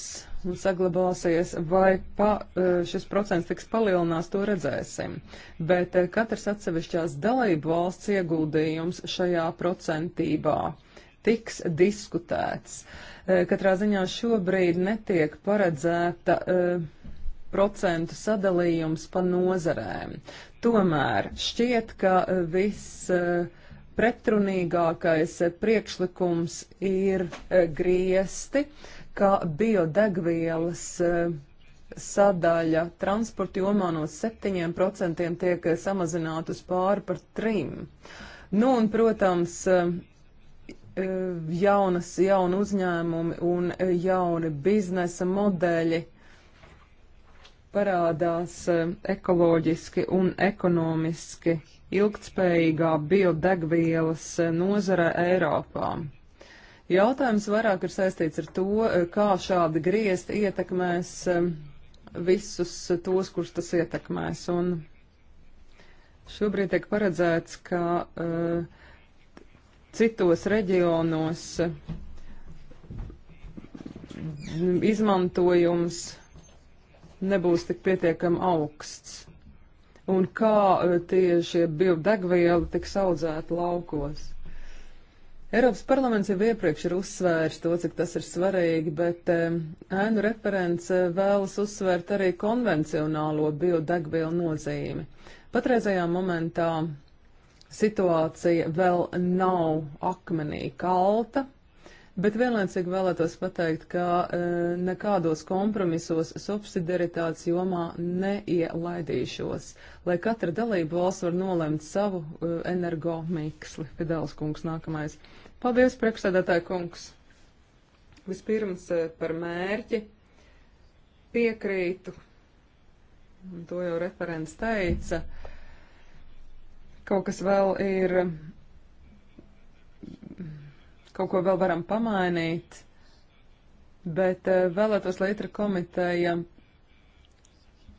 un saglabāsies, vai pa, e, šis procents tiks palielinās, to redzēsim. Bet e, katrs atsevišķās dalību valsts ieguldījums šajā procentībā tiks diskutēts. E, katrā ziņā šobrīd netiek paredzēta procentu sadalījums pa nozarēm. Tomēr šķiet, ka viss pretrunīgākais priekšlikums ir eh, griesti, ka biodegvielas eh, sadaļa transporta jomā no 7% tiek samazināta uz pāri par 3%. Nu, un, protams, eh, jaunas, jauni uzņēmumi un jauni biznesa modeļi parādās eh, ekoloģiski un ekonomiski ilgtspējīgā biodegvielas eh, nozara Eiropā. Jautājums vairāk ir saistīts ar to, eh, kā šādi griezti ietekmēs visus tos, kurus tas ietekmēs. Un šobrīd tiek paredzēts, ka uh, citos reģionos izmantojums nebūs tik pietiekami augsts. Un kā eh, tieši biodegviela tiks audzēta laukos. Eiropas parlaments jau iepriekš ir uzsvērs to, cik tas ir svarīgi, bet eh, ēnu referents eh, vēlas uzsvērt arī konvencionālo biodegvielu nozīmi. Patreizajā momentā situācija vēl nav akmenī kalta, Bet vienlaicīgi vēlētos pateikt, ka e, nekādos kompromisos subsidiaritātes jomā neielaidīšos, lai katra dalība valsts var nolemt savu e, energo miksli. Fidēls kungs nākamais. Paldies, priekšsēdētāji kungs. Vispirms e, par mērķi piekrītu, un to jau referents teica. Kaut kas vēl ir kaut ko vēl varam pamainīt, bet eh, vēlētos, lai itra komiteja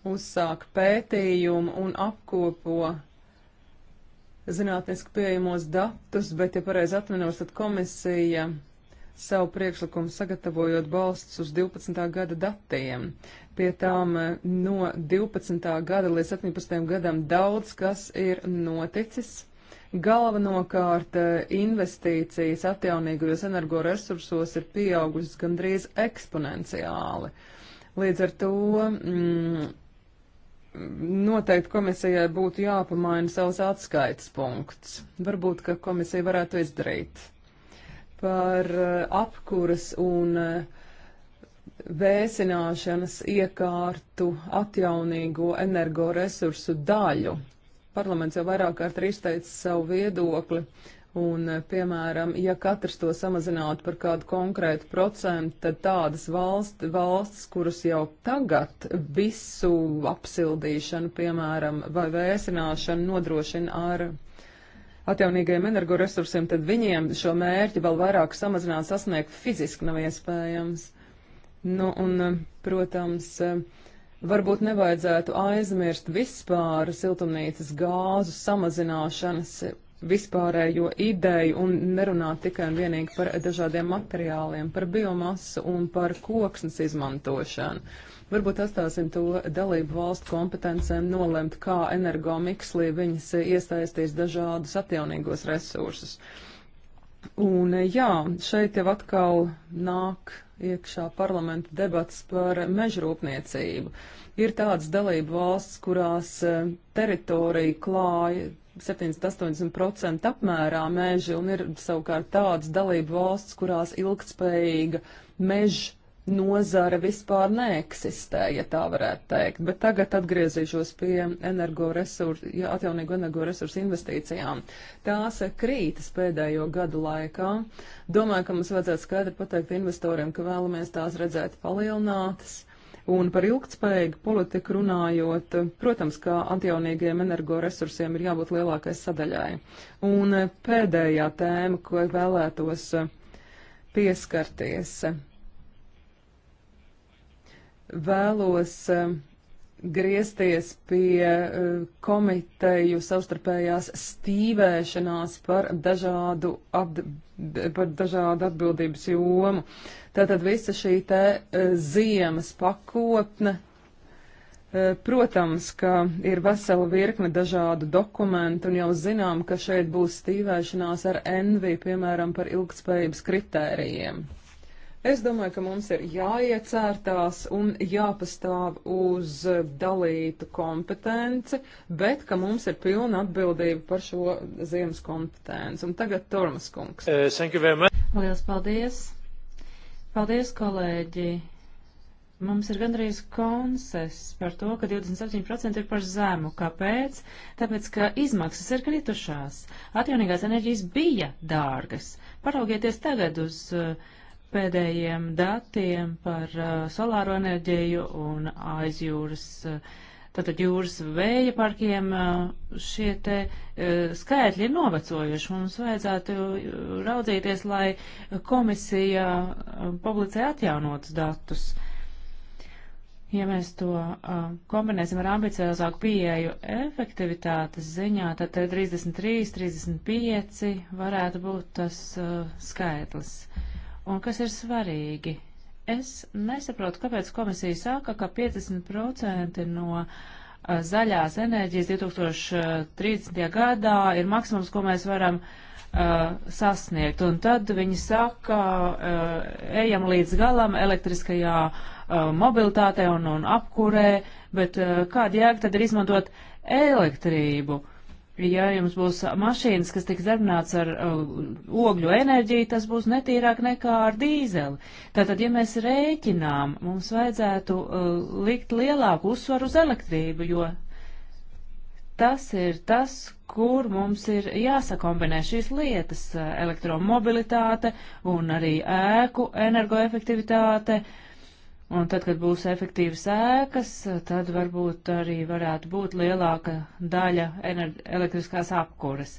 uzsāk pētījumu un apkopo zinātniski pieejamos datus, bet, ja pareizi atminos, tad komisija savu priekšlikumu sagatavojot balsts uz 12. gada datiem. Pie tām eh, no 12. gada līdz 17. gadam daudz kas ir noticis Galvenokārt eh, investīcijas atjaunīgajos energoresursos ir pieaugušas gandrīz eksponenciāli. Līdz ar to mm, noteikti komisijai būtu jāpamaina savs atskaites punkts. Varbūt, ka komisija varētu izdarīt par eh, apkuras un eh, vēsināšanas iekārtu atjaunīgo energoresursu daļu parlaments jau vairāk kārt ir izteicis savu viedokli. Un, piemēram, ja katrs to samazinātu par kādu konkrētu procentu, tad tādas valst, valsts, kuras jau tagad visu apsildīšanu, piemēram, vai vēsināšanu nodrošina ar atjaunīgajiem energoresursiem, tad viņiem šo mērķi vēl vairāk samazināt, sasniegt fiziski nav iespējams. Nu, un, protams, uh, Varbūt nevajadzētu aizmirst vispār siltumnīcas gāzu samazināšanas vispārējo ideju un nerunāt tikai un vienīgi par dažādiem materiāliem, par biomasu un par koksnes izmantošanu. Varbūt atstāsim to dalību valstu kompetencēm nolemt, kā energomiksli viņas iesaistīs dažādus atjaunīgos resursus. Uh, Un eh, jā, šeit jau atkal nāk iekšā parlamenta debats par mežrūpniecību. Ir tādas dalību valsts, kurās eh, teritorija klāja 70-80% apmērā meži, un ir savukārt tādas dalību valsts, kurās ilgtspējīga meža nozara vispār neeksistē, ja tā varētu teikt. Bet tagad atgriezīšos pie energoresursu, ja atjaunīgu energoresursu investīcijām. Tās krītas pēdējo gadu laikā. Domāju, ka mums vajadzētu skaidri pateikt investoriem, ka vēlamies tās redzēt palielinātas. Un par ilgtspējīgu politiku runājot, protams, ka atjaunīgiem energoresursiem ir jābūt lielākai sadaļai. Un pēdējā tēma, ko vēlētos pieskarties, vēlos eh, griezties pie eh, komiteju savstarpējās stīvēšanās par dažādu, apd par dažādu atbildības jomu. Tātad visa šī te eh, ziemas pakotne, protams, ka ir vesela virkne dažādu dokumentu, un jau zinām, ka šeit būs stīvēšanās ar NV, piemēram, par ilgtspējības kritērijiem. Es domāju, ka mums ir jāiecērtās un jāpastāv uz dalītu kompetenci, bet ka mums ir pilna atbildība par šo ziemas kompetenci. Un tagad Tormas kungs. Eh, uh, Lielas paldies! Paldies, kolēģi! Mums ir gandrīz konses par to, ka 27% ir par zemu. Kāpēc? Tāpēc, ka izmaksas ir kritušās. Atjaunīgās enerģijas bija dārgas. Paraugieties tagad uz uh, pēdējiem datiem par uh, solāro enerģiju un aizjūras, uh, tātad jūras vēja parkiem, uh, šie te uh, skaitļi ir novecojuši. Mums vajadzētu uh, raudzīties, lai komisija uh, publicē atjaunotus datus. Ja mēs to uh, kombinēsim ar ambiciozāku pieeju efektivitātes ziņā, tad 33, 35 varētu būt tas uh, skaitlis. Uh, un kas ir svarīgi. Es nesaprotu, kāpēc komisija saka, ka 50% no zaļās enerģijas 2030. gadā ir maksimums, ko mēs varam uh, sasniegt. Un tad viņi saka, uh, ejam līdz galam elektriskajā uh, mobilitātē un, un apkurē, bet uh, kāda jēga tad ir izmantot elektrību? Uh, Ja jums būs mašīnas, kas tiks darbināts ar uh, ogļu enerģiju, tas būs netīrāk nekā ar dīzeli. Tātad, ja mēs rēķinām, mums vajadzētu uh, likt lielāku uzsvaru uz elektrību, jo tas ir tas, kur mums ir jāsakombinē šīs lietas uh, - elektromobilitāte un arī ēku energoefektivitāte. Uh, Un tad, kad būs efektīvas ēkas, tad varbūt arī varētu būt lielāka daļa elektriskās apkuras.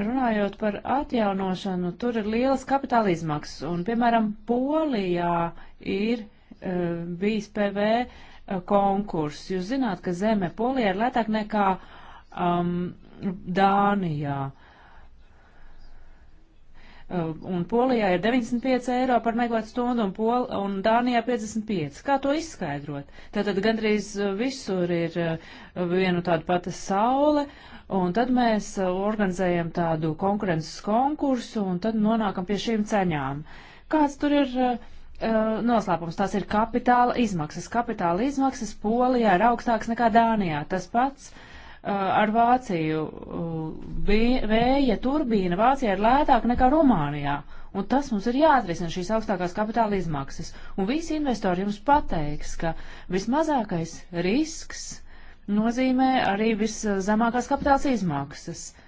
Runājot par atjaunošanu, tur ir lielas kapitāla izmaksas, un, piemēram, Polijā ir uh, bijis PV uh, e, konkurss. Jūs zināt, ka zeme Polijā ir lētāk nekā um, Dānijā. Uh, Uh, un Polijā ir 95 eiro par megavatu stundu un, Pol, un Dānijā 55. Kā to izskaidrot? Tātad gandrīz uh, visur ir uh, viena tāda pati saule, un tad mēs organizējam tādu konkurences konkursu, un tad nonākam pie šīm ceņām. Kāds tur ir uh, noslēpums? Tās ir kapitāla izmaksas. Kapitāla izmaksas Polijā ir augstāks nekā Dānijā. Tas pats. Uh, Uh, ar Vāciju. Uh, vēja turbīna Vācijā ir lētāka nekā Rumānijā. Un tas mums ir jāatrisina šīs augstākās kapitāla izmaksas. Un visi investori jums pateiks, ka vismazākais risks nozīmē arī viszemākās kapitāls izmaksas. Uh,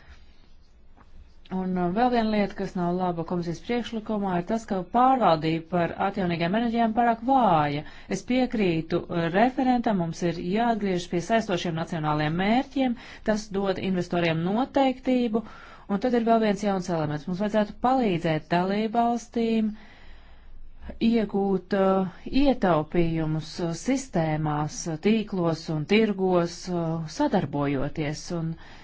Un uh, vēl viena lieta, kas nav laba komisijas priekšlikumā, ir tas, ka pārvaldība par atjaunīgiem enerģijām pārāk vāja. Es piekrītu uh, referentam, mums ir jāatgriež pie saistošiem nacionālajiem mērķiem, tas dod investoriem noteiktību. Un tad ir vēl viens jauns elements. Mums vajadzētu palīdzēt dalībvalstīm iegūt uh, ietaupījumus uh, sistēmās, tīklos un tirgos, uh, sadarbojoties. Un, uh,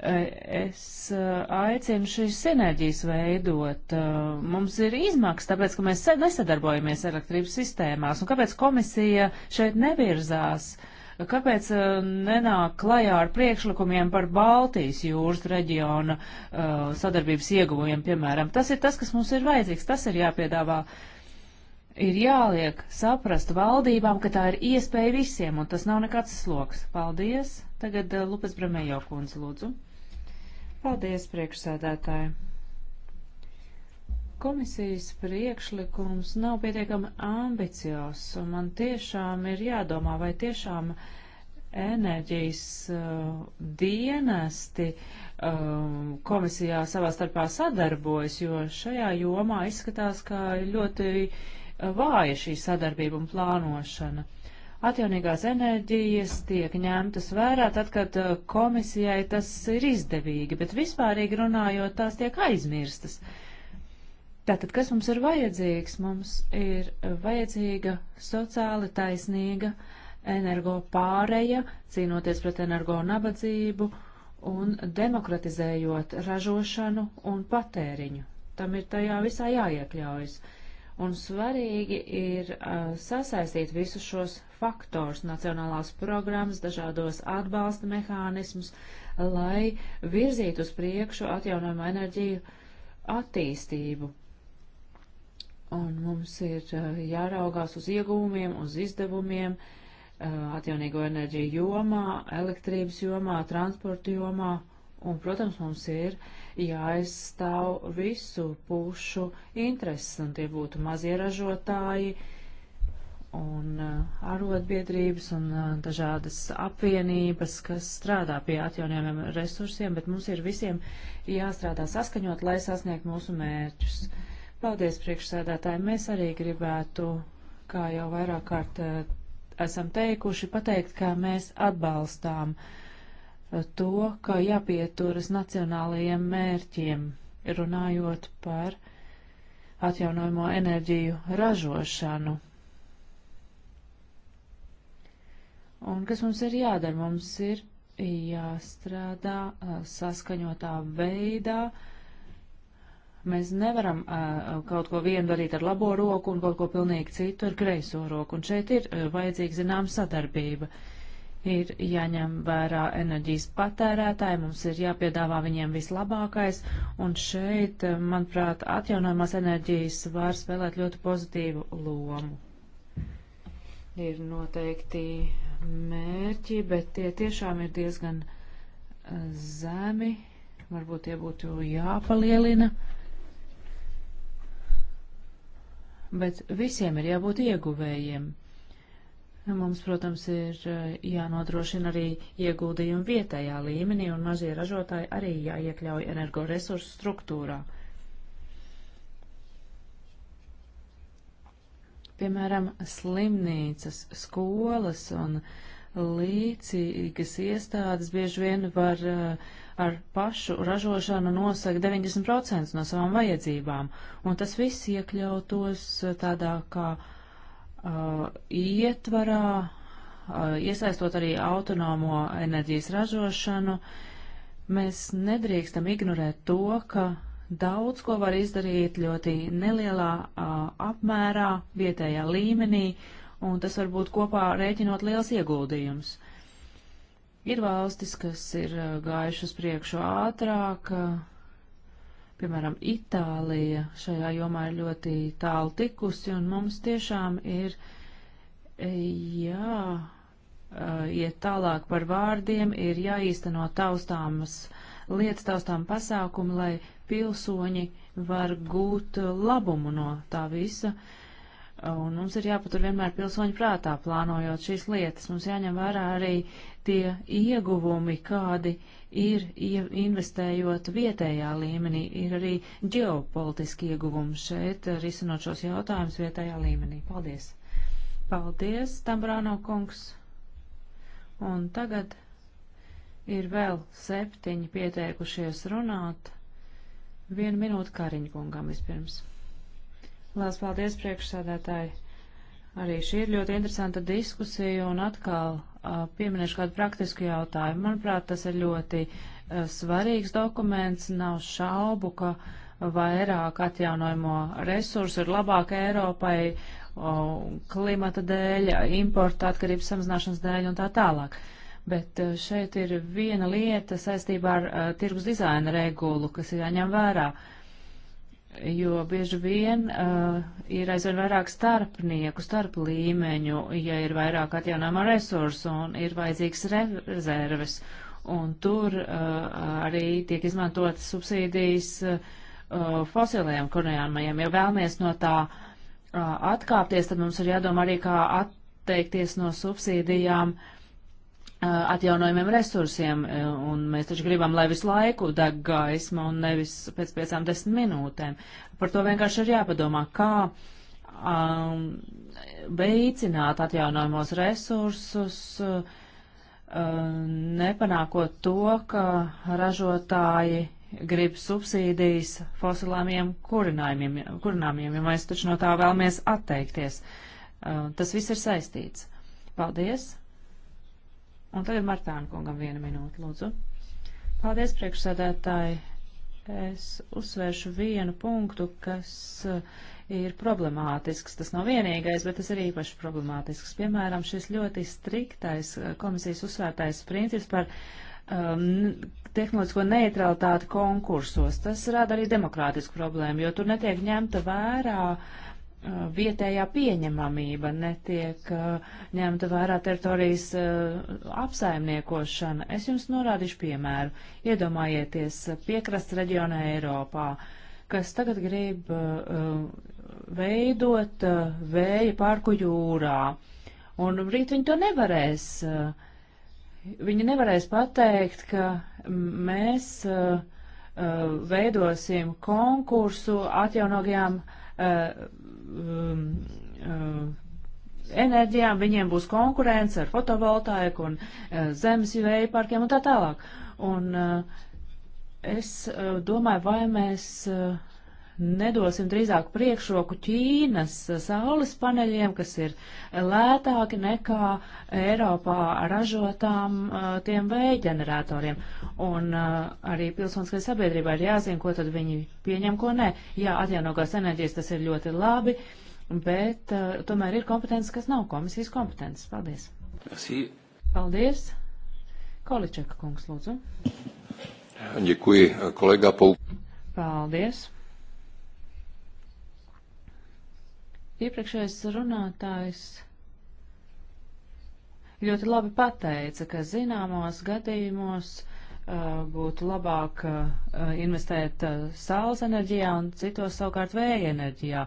Es eh, aicinu šīs sinerģijas veidot. Eh, mums ir izmaksas, tāpēc, ka mēs nesadarbojamies elektrības sistēmās. Un kāpēc komisija šeit nevirzās? Kāpēc eh, nenāk klajā ar priekšlikumiem par Baltijas jūras reģiona sadarbības ieguvumiem, piemēram? Tas ir tas, kas mums ir vajadzīgs, tas ir jāpiedāvā. Ir jāliek saprast valdībām, ka tā ir iespēja visiem, un tas nav nekāds sloks. Paldies! Tagad Lupas Bremējo kundze, lūdzu. Paldies, priekšsēdētāji! Komisijas priekšlikums nav pietiekami ambiciozs, un man tiešām ir jādomā, vai tiešām enerģijas uh, dienesti um, komisijā savā starpā sadarbojas, jo šajā jomā izskatās, ka ļoti uh, vāja šī sadarbība un plānošana. Uh, atjaunīgās enerģijas tiek ņemtas vērā tad, kad uh, komisijai tas ir izdevīgi, bet vispārīgi runājot, tās tiek aizmirstas. Tātad, kas mums ir vajadzīgs? Mums ir vajadzīga sociāli taisnīga energo pāreja, cīnoties pret energo nabadzību un demokratizējot ražošanu un patēriņu. Tam ir tajā visā jāiekļaujas. Uh, Un svarīgi ir uh, sasaistīt visus šos faktors, nacionālās programmas, dažādos atbalsta mehānismus, lai virzītu uz priekšu atjaunojumu enerģiju attīstību. Un mums ir uh, jāraugās uz iegūmiem, uz izdevumiem, uh, atjaunīgo enerģiju jomā, elektrības jomā, transporta jomā, un, protams, mums ir uh, jāaizstāv visu pušu intereses, un tie būtu mazie ražotāji un uh, arotbiedrības un uh, dažādas apvienības, kas strādā pie atjaunojumiem resursiem, bet mums ir visiem jāstrādā saskaņot, lai sasniegt mūsu mērķus. Paldies, priekšsēdētāji. Mēs arī gribētu, kā jau vairāk kārt uh, esam teikuši, pateikt, ka mēs atbalstām uh, to, ka jāpieturas nacionālajiem mērķiem, runājot par atjaunojamo enerģiju ražošanu. Un kas mums ir jādara? Mums ir jāstrādā saskaņotā veidā. Mēs nevaram kaut ko vienu darīt ar labo roku un kaut ko pilnīgi citu ar kreiso roku. Un šeit ir vajadzīga zināma sadarbība. Uh, ir jāņem vērā enerģijas patērētāji, mums ir jāpiedāvā viņiem vislabākais, un šeit, eh, manuprāt, atjaunojumās enerģijas var spēlēt ļoti pozitīvu lomu. Ir noteikti mērķi, bet tie tiešām ir diezgan eh, zemi, varbūt tie būtu jāpalielina, bet visiem ir jābūt ieguvējiem. Nu, mums, protams, ir eh, jānodrošina arī ieguldījumi vietējā līmenī, un mazie ražotāji arī jāiekļauj energoresursu struktūrā. Piemēram, slimnīcas, skolas un līdzīgas iestādes bieži vien var eh, ar pašu ražošanu nosaka 90% no savām vajadzībām, un tas viss iekļautos eh, tādā kā uh, ietvarā, uh, iesaistot arī autonomo enerģijas ražošanu, mēs nedrīkstam ignorēt to, ka daudz ko var izdarīt ļoti nelielā uh, apmērā, vietējā līmenī, un tas var būt kopā rēķinot liels ieguldījums. Ir valstis, kas ir uh, gājušas priekšu ātrāk, uh, Piemēram, Itālija šajā jomā ir ļoti tālu tikusi, un mums tiešām ir jā, eh, iet tālāk par vārdiem, ir jāīsteno taustāmas lietas, taustām pasākumu, lai pilsoņi var gūt labumu no tā visa. Uh, Un mums ir jāpatur vienmēr pilsoņu prātā, plānojot šīs lietas. Mums jāņem vērā arī tie ieguvumi, kādi ir investējot vietējā līmenī. Ir arī ģeopolitiski ieguvumi šeit, eh, risinot šos jautājumus vietējā līmenī. Paldies! Paldies, Tambrāno kungs! Un tagad ir vēl septiņi pieteikušies runāt. Vienu minūtu Kariņkungam vispirms. Lielas paldies, priekšsādātāji. Arī šī ir ļoti interesanta diskusija un atkal uh, pieminēšu kādu praktisku jautājumu. Manuprāt, tas ir ļoti uh, svarīgs dokuments. Nav šaubu, ka vairāk atjaunojamo resursu ir labāk Eiropai uh, klimata dēļ, importa atkarības samazināšanas dēļ un tā tālāk. Bet šeit ir viena lieta saistībā ar tirgus dizaina regulu, kas ir jāņem vērā. Uh, jo bieži vien uh, ir aizvien vairāk starpnieku, starp līmeņu, ja ir vairāk atjaunāmā resursu un ir vajadzīgs rezerves. Un tur uh, arī tiek izmantotas subsīdijas uh, fosilējiem kurināmajiem. Ja vēlamies no tā uh, atkāpties, tad mums ir jādomā arī, kā atteikties no subsīdijām uh, atjaunojumiem resursiem, un mēs taču gribam, lai visu laiku deg gaisma un nevis pēc piecām desmit minūtēm. Par to vienkārši ir jāpadomā, kā um, veicināt atjaunojumos resursus, um, nepanākot to, ka ražotāji grib subsīdijas fosilāmiem kurinājumiem, jo mēs taču no tā vēlamies atteikties. Um, tas viss ir saistīts. Paldies! Un tagad Martāna kungam viena minūte, lūdzu. Paldies, priekšsēdētāji. Es uzsvēršu vienu punktu, kas eh, ir problemātisks. Tas nav vienīgais, bet tas ir īpaši problemātisks. Piemēram, šis ļoti striktais eh, komisijas uzsvērtais princips par um, tehnoloģisko neutralitāti konkursos. Tas rada arī demokrātisku problēmu, jo tur netiek ņemta vērā uh, vietējā pieņemamība, netiek ņemta vērā teritorijas apsaimniekošana. Es jums norādīšu piemēru. Iedomājieties piekrasts reģiona Eiropā, kas tagad grib veidot vēja parku jūrā. Un rīt viņi to nevarēs. Viņi nevarēs pateikt, ka mēs veidosim konkursu atjaunogajām um, um, enerģijām, viņiem būs konkurence ar fotovoltaiku un uh, zemes vēja parkiem un tā tālāk. Un uh, es uh, domāju, vai mēs. Uh, nedosim drīzāk priekšroku Ķīnas saules paneļiem, kas ir lētāki nekā Eiropā ražotām tiem vējģeneratoriem. Un arī pilsoniskai sabiedrībai ir jāzina, ko tad viņi pieņem, ko nē. Jā, atjaunogās enerģijas tas ir ļoti labi, bet tomēr ir kompetences, kas nav komisijas kompetences. Paldies! Merci. Paldies! Količeka kungs, lūdzu. Děkuji, kolega Pouk. Paldies. Iepriekšējais runātājs ļoti labi pateica, ka zināmos gadījumos uh, būtu labāk uh, investēt uh, saules enerģijā un citos savukārt vēja enerģijā.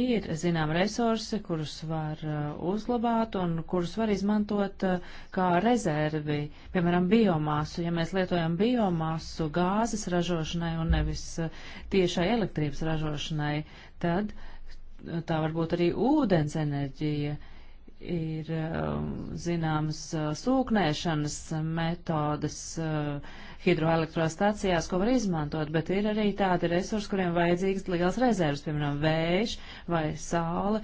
Ir zinām resursi, kurus var uh, uzglabāt un kurus var izmantot uh, kā rezervi, piemēram, biomasu. Ja mēs lietojam biomasu gāzes ražošanai un nevis uh, tiešai elektrības ražošanai, tad uh, tā varbūt arī ūdens enerģija. Ir um, zināmas uh, sūknēšanas metodas uh, hidroelektrostācijās, ko var izmantot, bet ir arī tādi resursi, kuriem vajadzīgas liels rezervas, piemēram, vējš vai saule.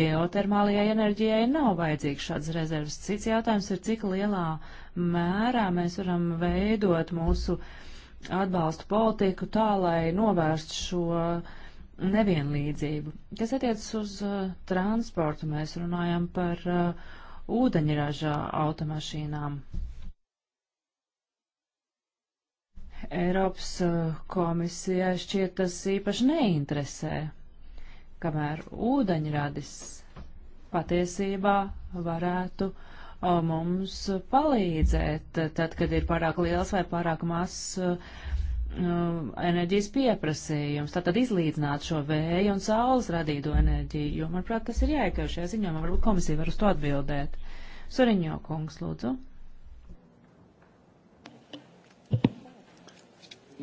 Geotermālajai enerģijai nav vajadzīgs šāds rezervas. Cits jautājums ir, cik lielā mērā mēs varam veidot mūsu atbalstu politiku tā, lai novērst šo uh, nevienlīdzību. Kas attiecas uz uh, transportu, mēs runājam par uh, ūdeņraža automašīnām. Eiropas uh, komisijai šķiet tas īpaši neinteresē, kamēr ūdeņradis patiesībā varētu uh, mums palīdzēt, tad, kad ir pārāk liels vai pārāk mazs uh, Uh, enerģijas pieprasījums, tātad izlīdzināt šo vēju un saules radīto enerģiju, jo, manuprāt, tas ir jāiekļauj šajā ziņojumā, varbūt komisija var uz to atbildēt. Soriņo kungs, lūdzu.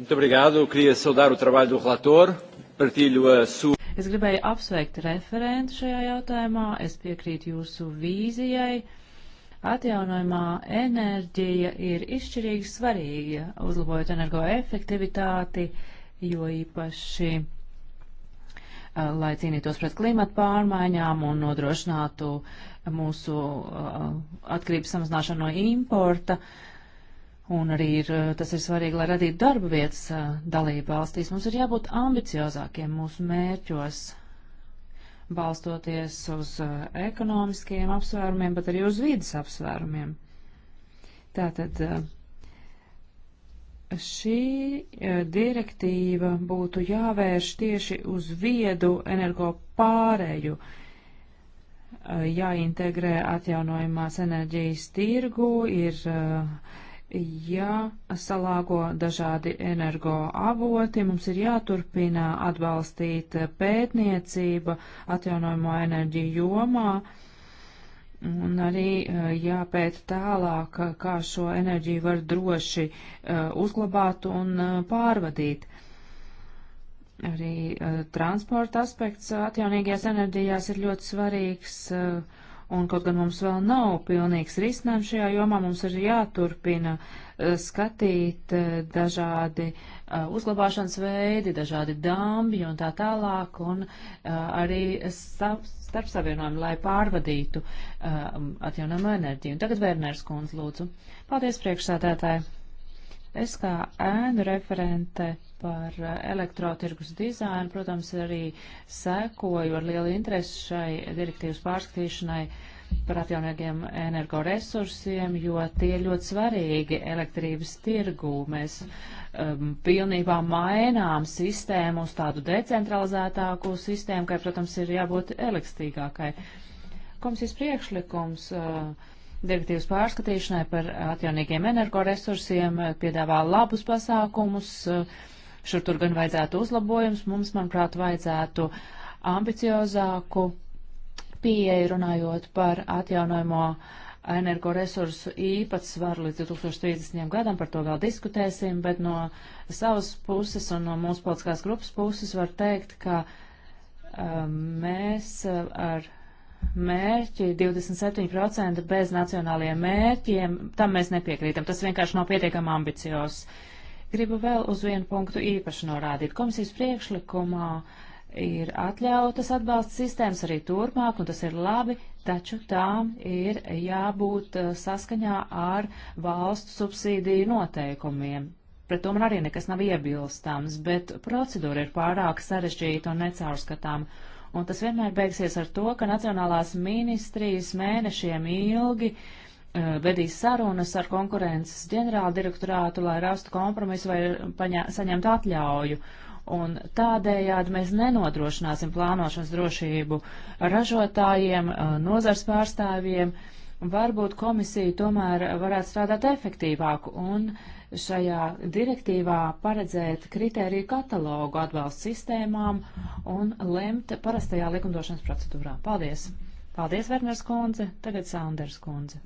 Muito obrigado, Eu queria saudar o trabalho do relator, partilho a sua. Es gribēju apsveikt referentu šajā jautājumā, es piekrītu jūsu vīzijai Atjaunojumā enerģija ir izšķirīgi svarīga, uzlabojot energoefektivitāti, jo īpaši, lai cīnītos pret klimatu pārmaiņām un nodrošinātu mūsu atkarības samazināšanu no importa. Un arī ir, tas ir svarīgi, lai radītu darba vietas dalību valstīs. Mums ir jābūt ambiciozākiem mūsu mērķos balstoties uz uh, ekonomiskiem apsvērumiem, bet arī uz vidas apsvērumiem. Tātad uh, šī uh, direktīva būtu jāvērš tieši uz viedu energo pārēju, jāintegrē atjaunojumās enerģijas tirgu, ir uh, jāsalāgo dažādi energoavoti, mums ir jāturpina atbalstīt pētniecība atjaunojamo enerģiju jomā un arī eh, jāpēta tālāk, kā šo enerģiju var droši eh, uzglabāt un eh, pārvadīt. Arī transporta aspekts atjaunīgajās enerģijās ir ļoti svarīgs. Uh, un kaut gan mums vēl nav pilnīgs risinājums šajā jomā, mums ir jāturpina eh, skatīt eh, dažādi eh, uzglabāšanas veidi, dažādi dambi un tā tālāk, un arī starp savienojumi, lai pārvadītu atjaunamu enerģiju. Un tagad Vērnērs kundz lūdzu. Paldies priekšsādētāji! Es kā ēnu referente par uh, elektrotirgus dizainu, protams, arī sekoju ar lielu interesi šai direktīvas pārskatīšanai par atjaunīgiem energoresursiem, jo tie ir ļoti svarīgi elektrības tirgū. Mēs um, pilnībā mainām sistēmu uz tādu decentralizētāku sistēmu, kai, protams, ir jābūt elastīgākai. Komisijas priekšlikums. Uh, direktīvas pārskatīšanai par atjaunīgiem energoresursiem, piedāvā labus pasākumus, šur tur gan vajadzētu uzlabojums, mums, manuprāt, vajadzētu ambiciozāku pieeju runājot par atjaunojamo energoresursu īpatsvaru līdz 2030. gadam, par to vēl diskutēsim, bet no savas puses un no mūsu politiskās grupas puses var teikt, ka um, mēs uh, ar mērķi, 27% bez nacionālajiem mērķiem, tam mēs nepiekrītam. Tas vienkārši nav pietiekami ambiciozs. Gribu vēl uz vienu punktu īpaši norādīt. Komisijas priekšlikumā ir atļautas atbalsta sistēmas arī turpmāk, un tas ir labi, taču tām ir jābūt eh, saskaņā ar valstu subsīdiju noteikumiem. Pret to man arī nekas nav iebilstams, bet procedūra ir pārāk sarežģīta un necaurskatāma Un tas vienmēr beigsies ar to, ka nacionālās ministrijas mēnešiem ilgi uh, vedīs sarunas ar konkurences ģenerāldirektorātu, lai rastu kompromisu vai paņa, saņemtu atļauju un tādējādi mēs nenodrošināsim plānošanas drošību ražotājiem, uh, nozars pārstāvjiem. Varbūt komisija tomēr varētu strādāt efektīvāk un šajā direktīvā paredzēt kritēriju katalogu atbalstu sistēmām un lemt parastajā likumdošanas procedūrā. Paldies! Paldies, Verners kundze, tagad Saunders kundze.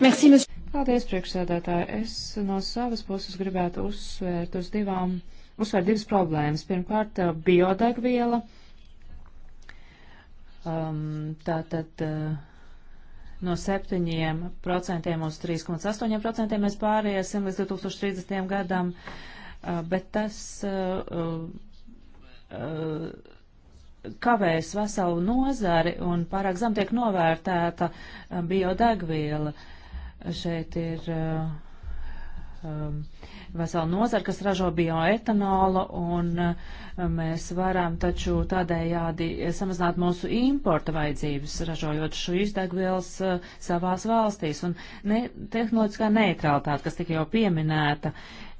Merci, Paldies, priekšsēdētāji. Es no savas puses gribētu uzsvērt uz divām, uzsvērt divas problēmas. Pirmkārt, eh, biodegviela. Um, tātad. Uh, no 7% uz 3,8% mēs pāriesim līdz 2030. gadam, bet tas kavēs veselu nozari un pārāk zem tiek novērtēta biodegviela. Šeit ir um, vesela nozara, kas ražo bioetanolu, un e, mēs varam taču tādējādi samazināt mūsu importa vajadzības, ražojot šo izdegvielas e, savās valstīs. Un ne, tehnoloģiskā neutralitāte, kas tika jau pieminēta,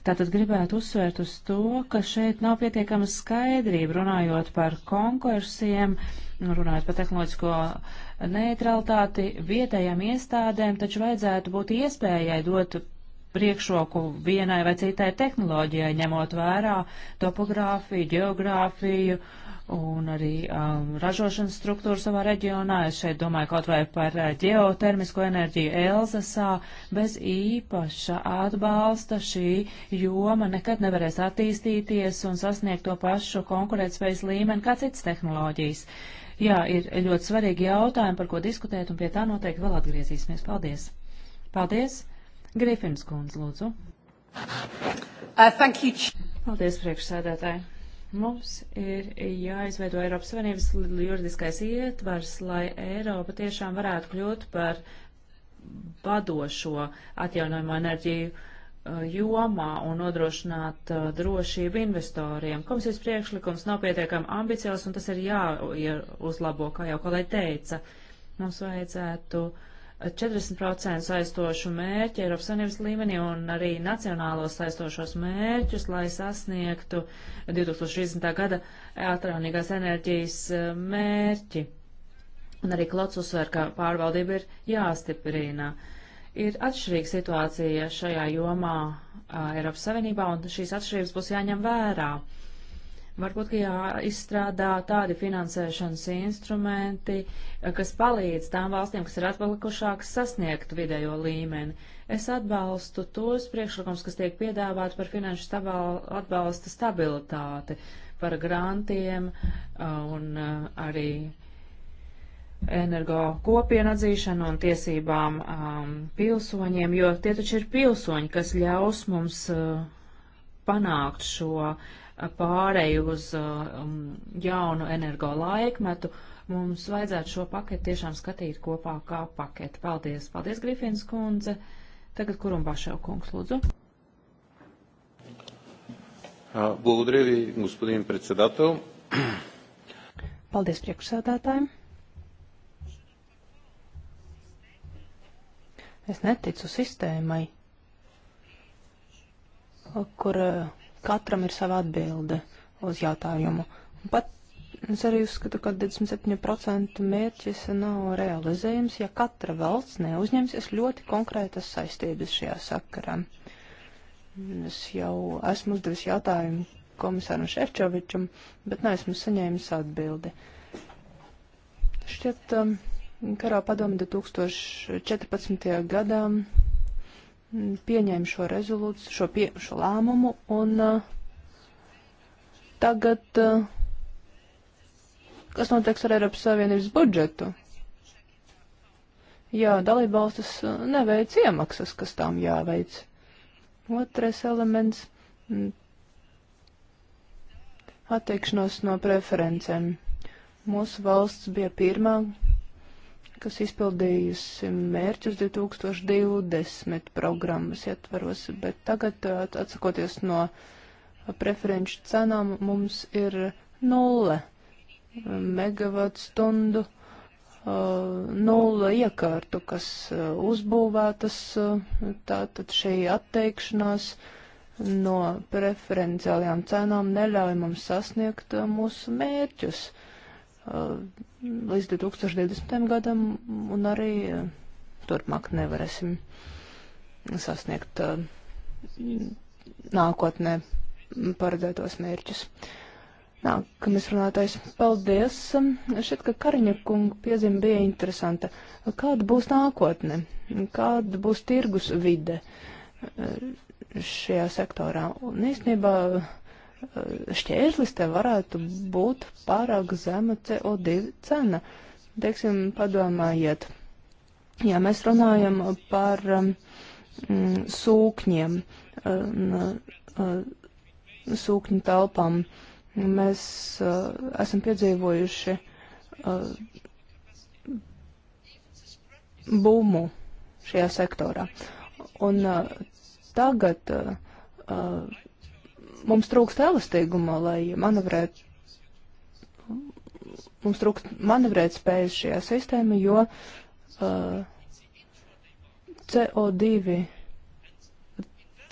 Tātad gribētu uzsvērt uz to, ka šeit nav pietiekama skaidrība runājot par konkursiem, runājot par tehnoloģisko neutralitāti vietējām iestādēm, taču vajadzētu būt iespējai dot priekšroku vienai vai citai tehnoloģijai, ņemot vērā topogrāfiju, geogrāfiju un arī um, ražošanas struktūru savā reģionā. Es šeit domāju kaut vai par uh, ģeotermisko enerģiju Elzasā. Bez īpaša atbalsta šī joma nekad nevarēs attīstīties un sasniegt to pašu konkurētspējas līmeni kā citas tehnoloģijas. Jā, ir ļoti svarīgi jautājumi, par ko diskutēt, un pie tā noteikti vēl atgriezīsimies. Paldies! Paldies! Grifins kundze, lūdzu. Uh, Paldies, priekšsēdētāji. Mums ir jāizveido Eiropas Savienības juridiskais ietvars, lai Eiropa tiešām varētu kļūt par vadošo atjaunojumu enerģiju uh, jomā un nodrošināt uh, drošību investoriem. Komisijas priekšlikums nav pietiekami ambiciozs, un tas ir jāuzlabo, kā jau kolēģi teica. Mums vajadzētu uh, 40% saistošu mērķi Eiropas Savienības līmenī un arī nacionālos saistošos mērķus, lai sasniegtu 2030. gada atjaunīgās enerģijas eh, mērķi. Un arī klots uzsver, ka pārvaldība ir jāstiprina. Ir atšķirīga situācija šajā jomā eh, Eiropas Savienībā, un šīs atšķirības būs jāņem vērā. Uh, Varbūt, ka jāizstrādā tādi finansēšanas instrumenti, kas palīdz tām valstīm, kas ir atpalikušākas, sasniegt vidējo līmeni. Es atbalstu tos priekšlikums, kas tiek piedāvāti par finanšu stabal, atbalsta stabilitāti, par grantiem uh, un uh, arī energo kopienu atzīšanu un tiesībām um, pilsoņiem, jo tie taču ir pilsoņi, kas ļaus mums uh, panākt šo uh, pāreju uz uh, um, jaunu energo laikmetu, mums vajadzētu šo paketu tiešām skatīt kopā kā paketu. Paldies, paldies, Grifins kundze. Tagad kurum Bašev kungs, lūdzu. Благодаря ви, господин председател. Paldies priekšsēdētājiem. Es neticu sistēmai, kur uh, katram ir sava atbilde uz jautājumu. Un pat es arī uzskatu, ka 27% mērķis nav realizējams, ja katra valsts neuzņemsies ļoti konkrētas saistības šajā sakarā. Es jau esmu uzdevis jautājumu komisāram Šefčovičam, bet neesmu saņēmis atbildi. Šķiet, um, Karā padomu 2014. gadā pieņēma šo rezolūciju, šo, pie, šo lēmumu, un uh, tagad, uh, kas notiks ar Eiropas Savienības budžetu? Jā, dalībvalstis uh, neveic iemaksas, kas tām jāveic. Otrais elements mm, - attiekšanos no preferencēm. Mūsu valsts bija pirmā, kas izpildījusi mērķus 2020 programmas ietvaros, bet tagad, uh, atsakoties no preferenču cenām, mums ir nulle megavatu stundu, uh, nulle iekārtu, kas uh, uzbūvētas, tātad šī atteikšanās no preferenciālajām cenām neļauj mums sasniegt mūsu mērķus. Uh, Uh, līdz 2020. gadam un arī uh, turpmāk nevarēsim sasniegt uh, nākotnē paredzētos mērķus. Nākamais runātais. Paldies. Šķiet, ka Kariņa kunga piezīme bija interesanta. Kāda būs nākotne? Kāda būs tirgus vide šajā sektorā? Un īstenībā uh, šķērslis te varētu būt pārāk zema CO2 cena. Teiksim, padomājiet, ja mēs runājam par um, mm, sūkņiem, um, sūkņu telpām, mēs uh, esam piedzīvojuši uh, bumu šajā sektorā. Un uh, tagad uh, mums trūkst elastīguma, lai manevrētu. Mums trūkst manevrēt spējas šajā sistēma, jo uh, CO2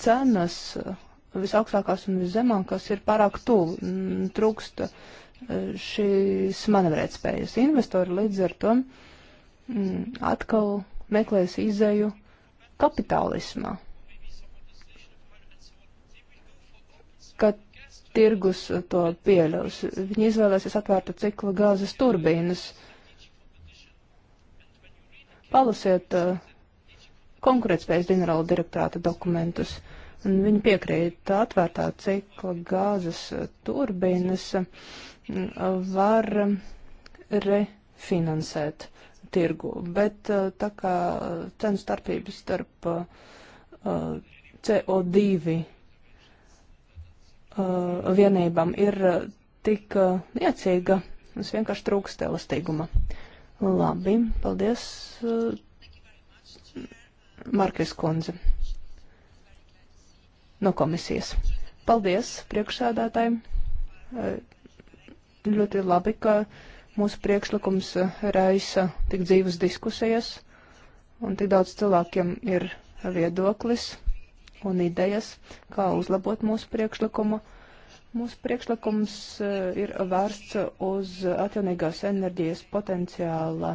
cenas uh, visaugstākās un viszemākās ir pārāk tuvu. Mm, trūkst uh, šīs manevrēt spējas. Investori līdz ar to mm, atkal meklēs izēju kapitālismā ka tirgus to pieļaus. Viņi izvēlēsies atvērtu ciklu gāzes turbīnas. Palasiet uh, konkurētspējas ģenerāla direktorāta dokumentus. Un viņi piekrīt atvērtā cikla gāzes uh, turbīnas uh, var um, refinansēt tirgu, bet uh, tā kā cenu starpības starp CO2 uh, vienībām ir uh, tik uh, niecīga, mums vienkārši trūkst elastīguma. Labi, paldies, uh, Markris Kundze no komisijas. Paldies priekšsēdētājiem. Uh, ļoti labi, ka mūsu priekšlikums uh, raisa tik dzīvas diskusijas un tik daudz cilvēkiem ir viedoklis un idejas, kā uzlabot mūsu priekšlikumu. Mūsu priekšlikums eh, ir vērsts uz atjaunīgās enerģijas potenciāla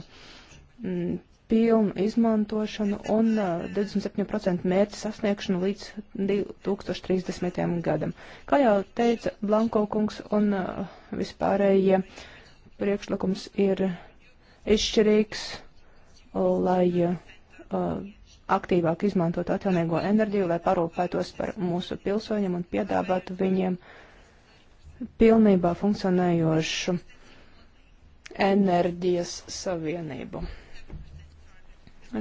mm, pilnu izmantošanu un 27% eh, mērķu sasniegšanu līdz 2030. gadam. Kā jau teica Blanko kungs un eh, vispārējie, priekšlikums ir izšķirīgs, lai uh, aktīvāk izmantot atjaunīgo enerģiju, lai parūpētos par mūsu pilsoņiem un piedāvātu viņiem pilnībā funkcionējošu enerģijas savienību.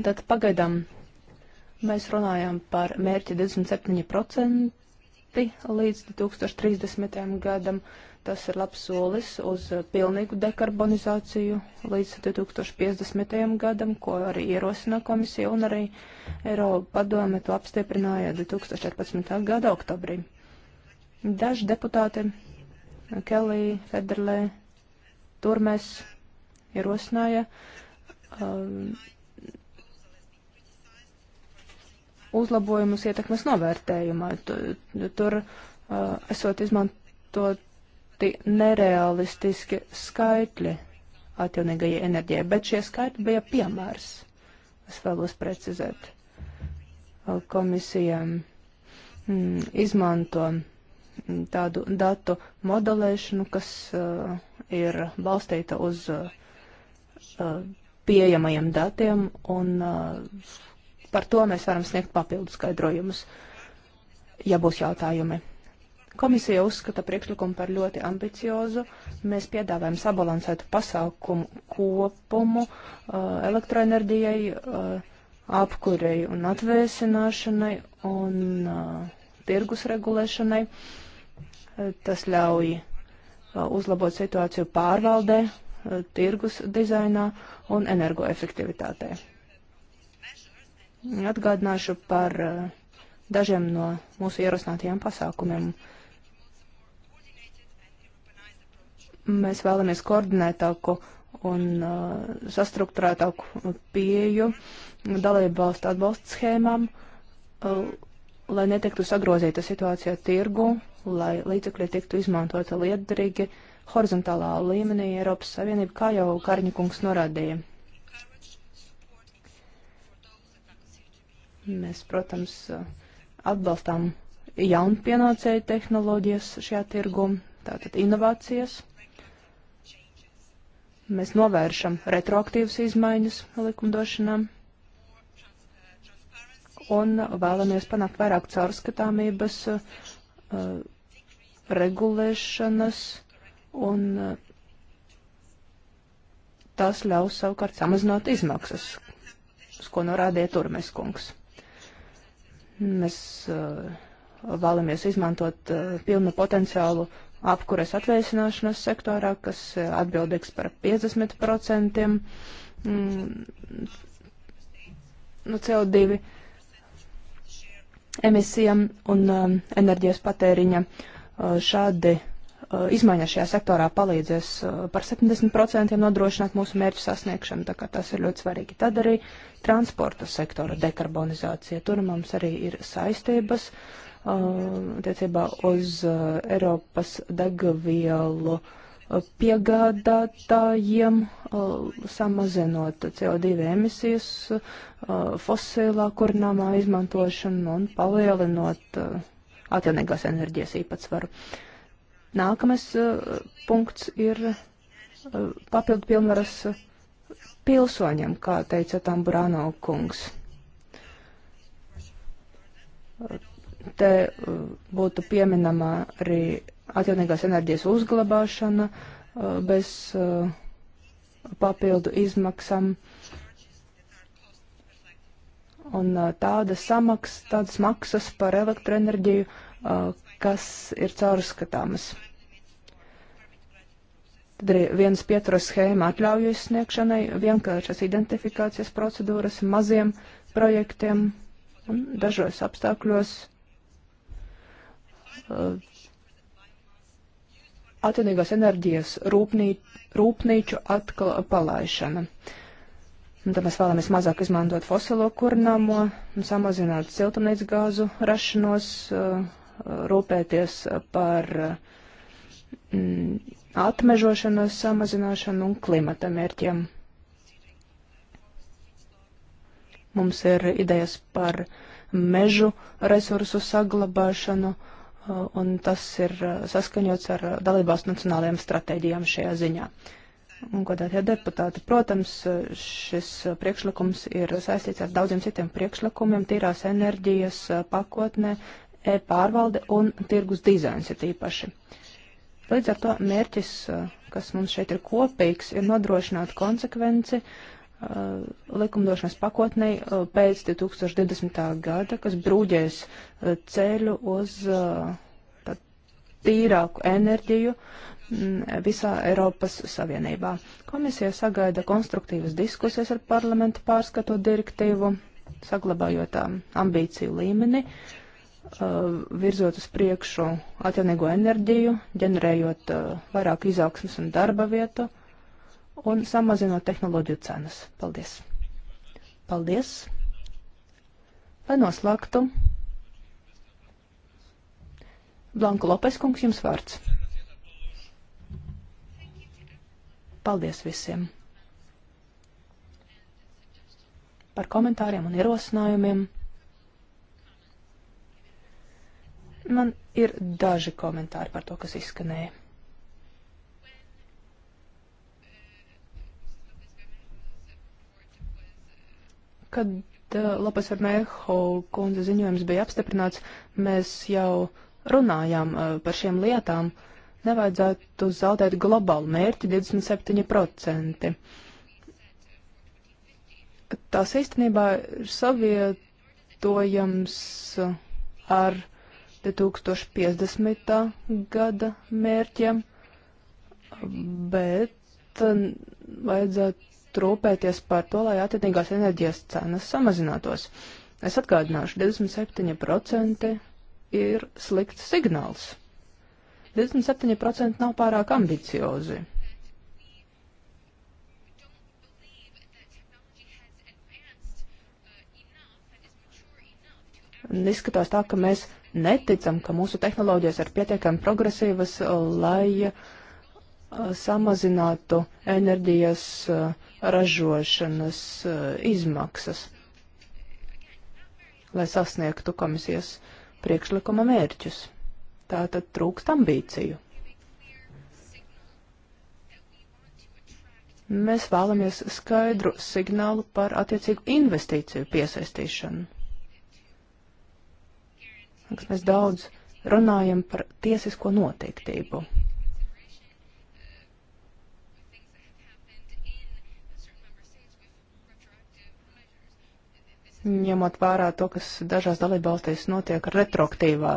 Tad pagaidām mēs runājam par mērķi 27% līdz 2030. gadam. Uh, Tas ir labs solis uz pilnīgu dekarbonizāciju līdz 2050. gadam, ko arī ierosina komisija un arī Eiropa padome to apstiprināja 2014. gada oktobrī. Daži deputāti, Kelly, Federlē, Turmes, ierosināja um, uzlabojumus ietekmes novērtējumā. Tur uh, esot izmantot ļoti nerealistiski skaitļi atjaunīgajai enerģijai, bet šie skaitļi bija piemērs, es vēlos precizēt. Komisija mm, izmanto mm, tādu datu modelēšanu, kas uh, ir balstīta uz uh, pieejamajiem datiem, un uh, par to mēs varam sniegt papildu skaidrojumus, ja būs jautājumi. Komisija uzskata priekšlikumu par ļoti ambiciozu. Mēs piedāvājam sabalansētu pasākumu kopumu uh, elektroenerģijai, uh, apkurei un atvēsināšanai un uh, tirgus regulēšanai. Tas ļauj uzlabot situāciju pārvaldē, tirgus dizainā un energoefektivitātē. Atgādināšu par dažiem no mūsu ierosinātajiem pasākumiem. Uh, Mēs vēlamies koordinētāku un uh, sastruktūrētāku pieju dalību valstu atbalsta schēmām, uh, lai netiktu sagrozīta situācija tirgu, lai līdzekļi tiktu izmantota liederīgi horizontālā līmenī Eiropas Savienība, kā jau Karņikungs norādīja. Mēs, protams, atbalstām jaunpienācēju tehnoloģijas šajā tirgu, tātad inovācijas. Mēs novēršam retroaktīvas izmaiņas likumdošanām un vēlamies panākt vairāk caurskatāmības, uh, regulēšanas, un uh, tas ļaus savukārt samazināt izmaksas, uz ko norādīja Turmes kungs. Mēs uh, vēlamies izmantot uh, pilnu potenciālu apkuras atvēsināšanas sektorā, kas eh, atbildīgs par 50% no CO2 emisijām un eh, enerģijas patēriņa. Eh, šādi izmaiņas šajā sektorā palīdzēs par 70% nodrošināt mūsu mērķu sasniegšanu, tā kā tas ir ļoti svarīgi. Tad arī transporta sektora dekarbonizācija. Tur mums arī ir saistības. Uh, attiecībā uz uh, Eiropas degvielu piegādātājiem, uh, samazinot CO2 emisijas, uh, fosilā kurnāmā izmantošanu un palielinot atjaunīgās enerģijas īpatsvaru. Nākamais punkts ir papildu pilnvaras pilsoņiem, kā teica Tamburāno kungs. Te uh, būtu pieminama arī atjaunīgās enerģijas uzglabāšana uh, bez uh, papildu izmaksām. Un tādas samaksas, tādas maksas par elektroenerģiju, kas ir caurskatāmas. Tad arī vienas pieturas schēma atļauju izsniegšanai, vienkāršas identifikācijas procedūras maziem projektiem un dažos apstākļos uh, Uh, atjaunīgās enerģijas rūpnī, rūpnīču atkal palaišana. Un tad mēs vēlamies mazāk izmantot fosilo kurnamo, samazināt siltumnīcas gāzu rašanos, uh, rūpēties par uh, mm, atmežošanas samazināšanu un klimata mērķiem. Mums ir idejas par mežu resursu saglabāšanu, uh, Uh, un tas ir uh, saskaņots ar uh, dalībās nacionālajām stratēģijām šajā ziņā. Godātie deputāti, protams, šis priekšlikums ir saistīts ar daudziem citiem priekšlikumiem tīrās enerģijas pakotnē, e-pārvalde un tirgus dizains ir īpaši. Līdz ar to mērķis, kas mums šeit ir kopīgs, ir nodrošināt konsekvenci uh, Uh, likumdošanas pakotnei uh, pēc 2020. gada, kas brūģēs uh, ceļu uz tā, tīrāku enerģiju mm, visā Eiropas Savienībā. Komisija sagaida konstruktīvas diskusijas ar parlamentu pārskatot direktīvu, saglabājot um, ambīciju līmeni, virzot uz priekšu atjaunīgo enerģiju, ģenerējot vairāk izaugsmas un darba vietu un samazinot tehnoloģiju cenas. Paldies! Paldies! Lai noslēgtu, Blanka Lopes kungs, jums vārds. Paldies visiem par komentāriem un ierosinājumiem. Man ir daži komentāri par to, kas izskanēja. Kad uh, Lopes Vermeho kundze ziņojums bija apstiprināts, mēs jau runājām uh, par šiem lietām. Nevajadzētu zaudēt globālu mērķi 27%. Tas īstenībā ir savietojams eh, ar 2050. gada mērķiem, bet vajadzētu rūpēties par to, lai attiecīgās enerģijas cenas samazinātos. Es atgādināšu, 27% ir slikts signāls. 27% nav pārāk ambiciozi. Izskatās tā, ka mēs neticam, ka mūsu tehnoloģijas ir pietiekami progresīvas, lai uh, samazinātu enerģijas eh, ražošanas eh, izmaksas, lai sasniegtu komisijas priekšlikuma mērķus. Tātad trūkst ambīciju. Mēs vēlamies skaidru signālu par attiecīgu investīciju piesaistīšanu. Mēs daudz runājam par tiesisko noteiktību. ņemot vērā to, kas dažās dalībvalstīs notiek ar retroaktīvā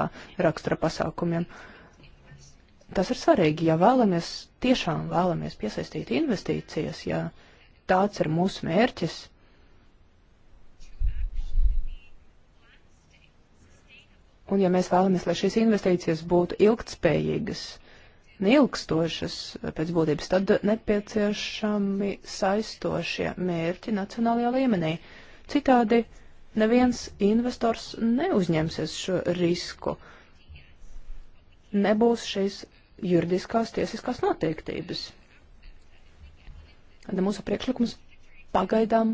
rakstura pasākumiem. Tas ir svarīgi, ja vēlamies, tiešām vēlamies piesaistīt investīcijas, ja tāds ir mūsu mērķis. Un ja mēs vēlamies, lai šīs investīcijas būtu ilgtspējīgas, neilgstošas pēc būtības, tad nepieciešami saistošie mērķi nacionālajā līmenī. Uh, Citādi neviens investors neuzņemsies šo risku. Nebūs šīs juridiskās tiesiskās noteiktības. Tad mūsu priekšlikums pagaidām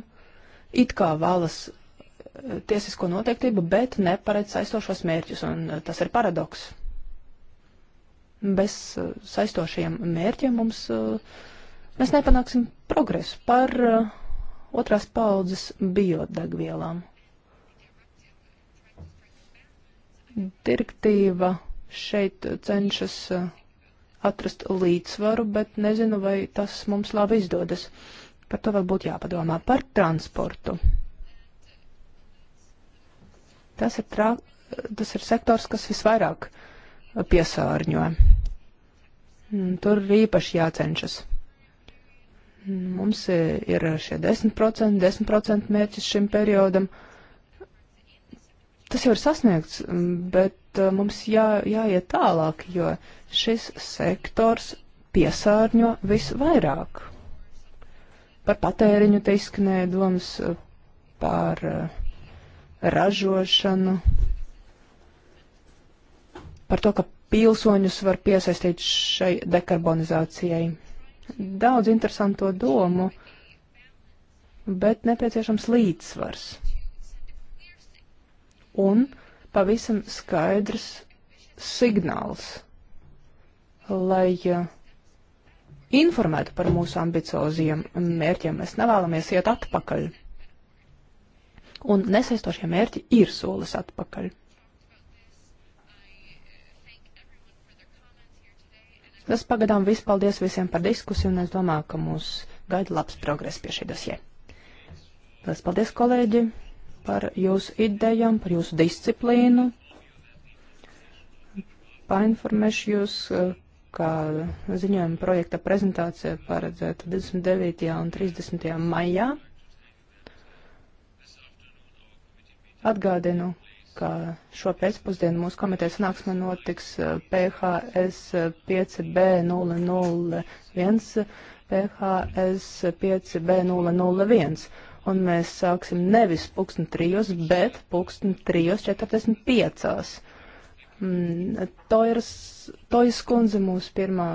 it kā valas eh, tiesisko noteiktību, bet neparedz saistošos mērķus, un eh, tas ir paradoks. Bez eh, saistošiem mērķiem mums, mēs nepanāksim progresu par uh, otrās paudzes biodegvielām. Direktīva šeit cenšas eh, atrast līdzsvaru, bet nezinu, vai tas mums labi izdodas. Par to vēl būtu jāpadomā. Par transportu. Tas ir, tra... tas ir sektors, kas visvairāk eh, piesārņo. Mm, tur īpaši jācenšas. Mums ir šie 10%, 10% mērķis šim periodam. Tas jau ir sasniegts, bet e, mums jā, jāiet tālāk, jo šis sektors piesārņo visvairāk. Par patēriņu te izskanēja domas e, par e, ražošanu, par to, ka pilsoņus var piesaistīt šai dekarbonizācijai daudz interesanto domu, bet nepieciešams līdzsvars. Un pavisam skaidrs signāls, lai informētu par mūsu ambicioziem mērķiem. Mēs nevēlamies iet atpakaļ. Un nesaistošie mērķi ir solis atpakaļ. Tas pagadām viss paldies visiem par diskusiju, un es domāju, ka mūs gaida labs progress pie šī dosie. Lielas paldies, kolēģi, par jūsu idejām, par jūsu disciplīnu. Painformēšu jūs, ka ziņojuma projekta prezentācija paredzēta 29. un 30. maijā. Atgādinu, ka šo pēcpusdienu mūsu komitejas sanāksme notiks PHS 5B001, PHS 5B001. Un mēs sāksim nevis pulksten trijos, bet pulksten trijos 45. Mm, to ir, to ir skundze mūsu pirmā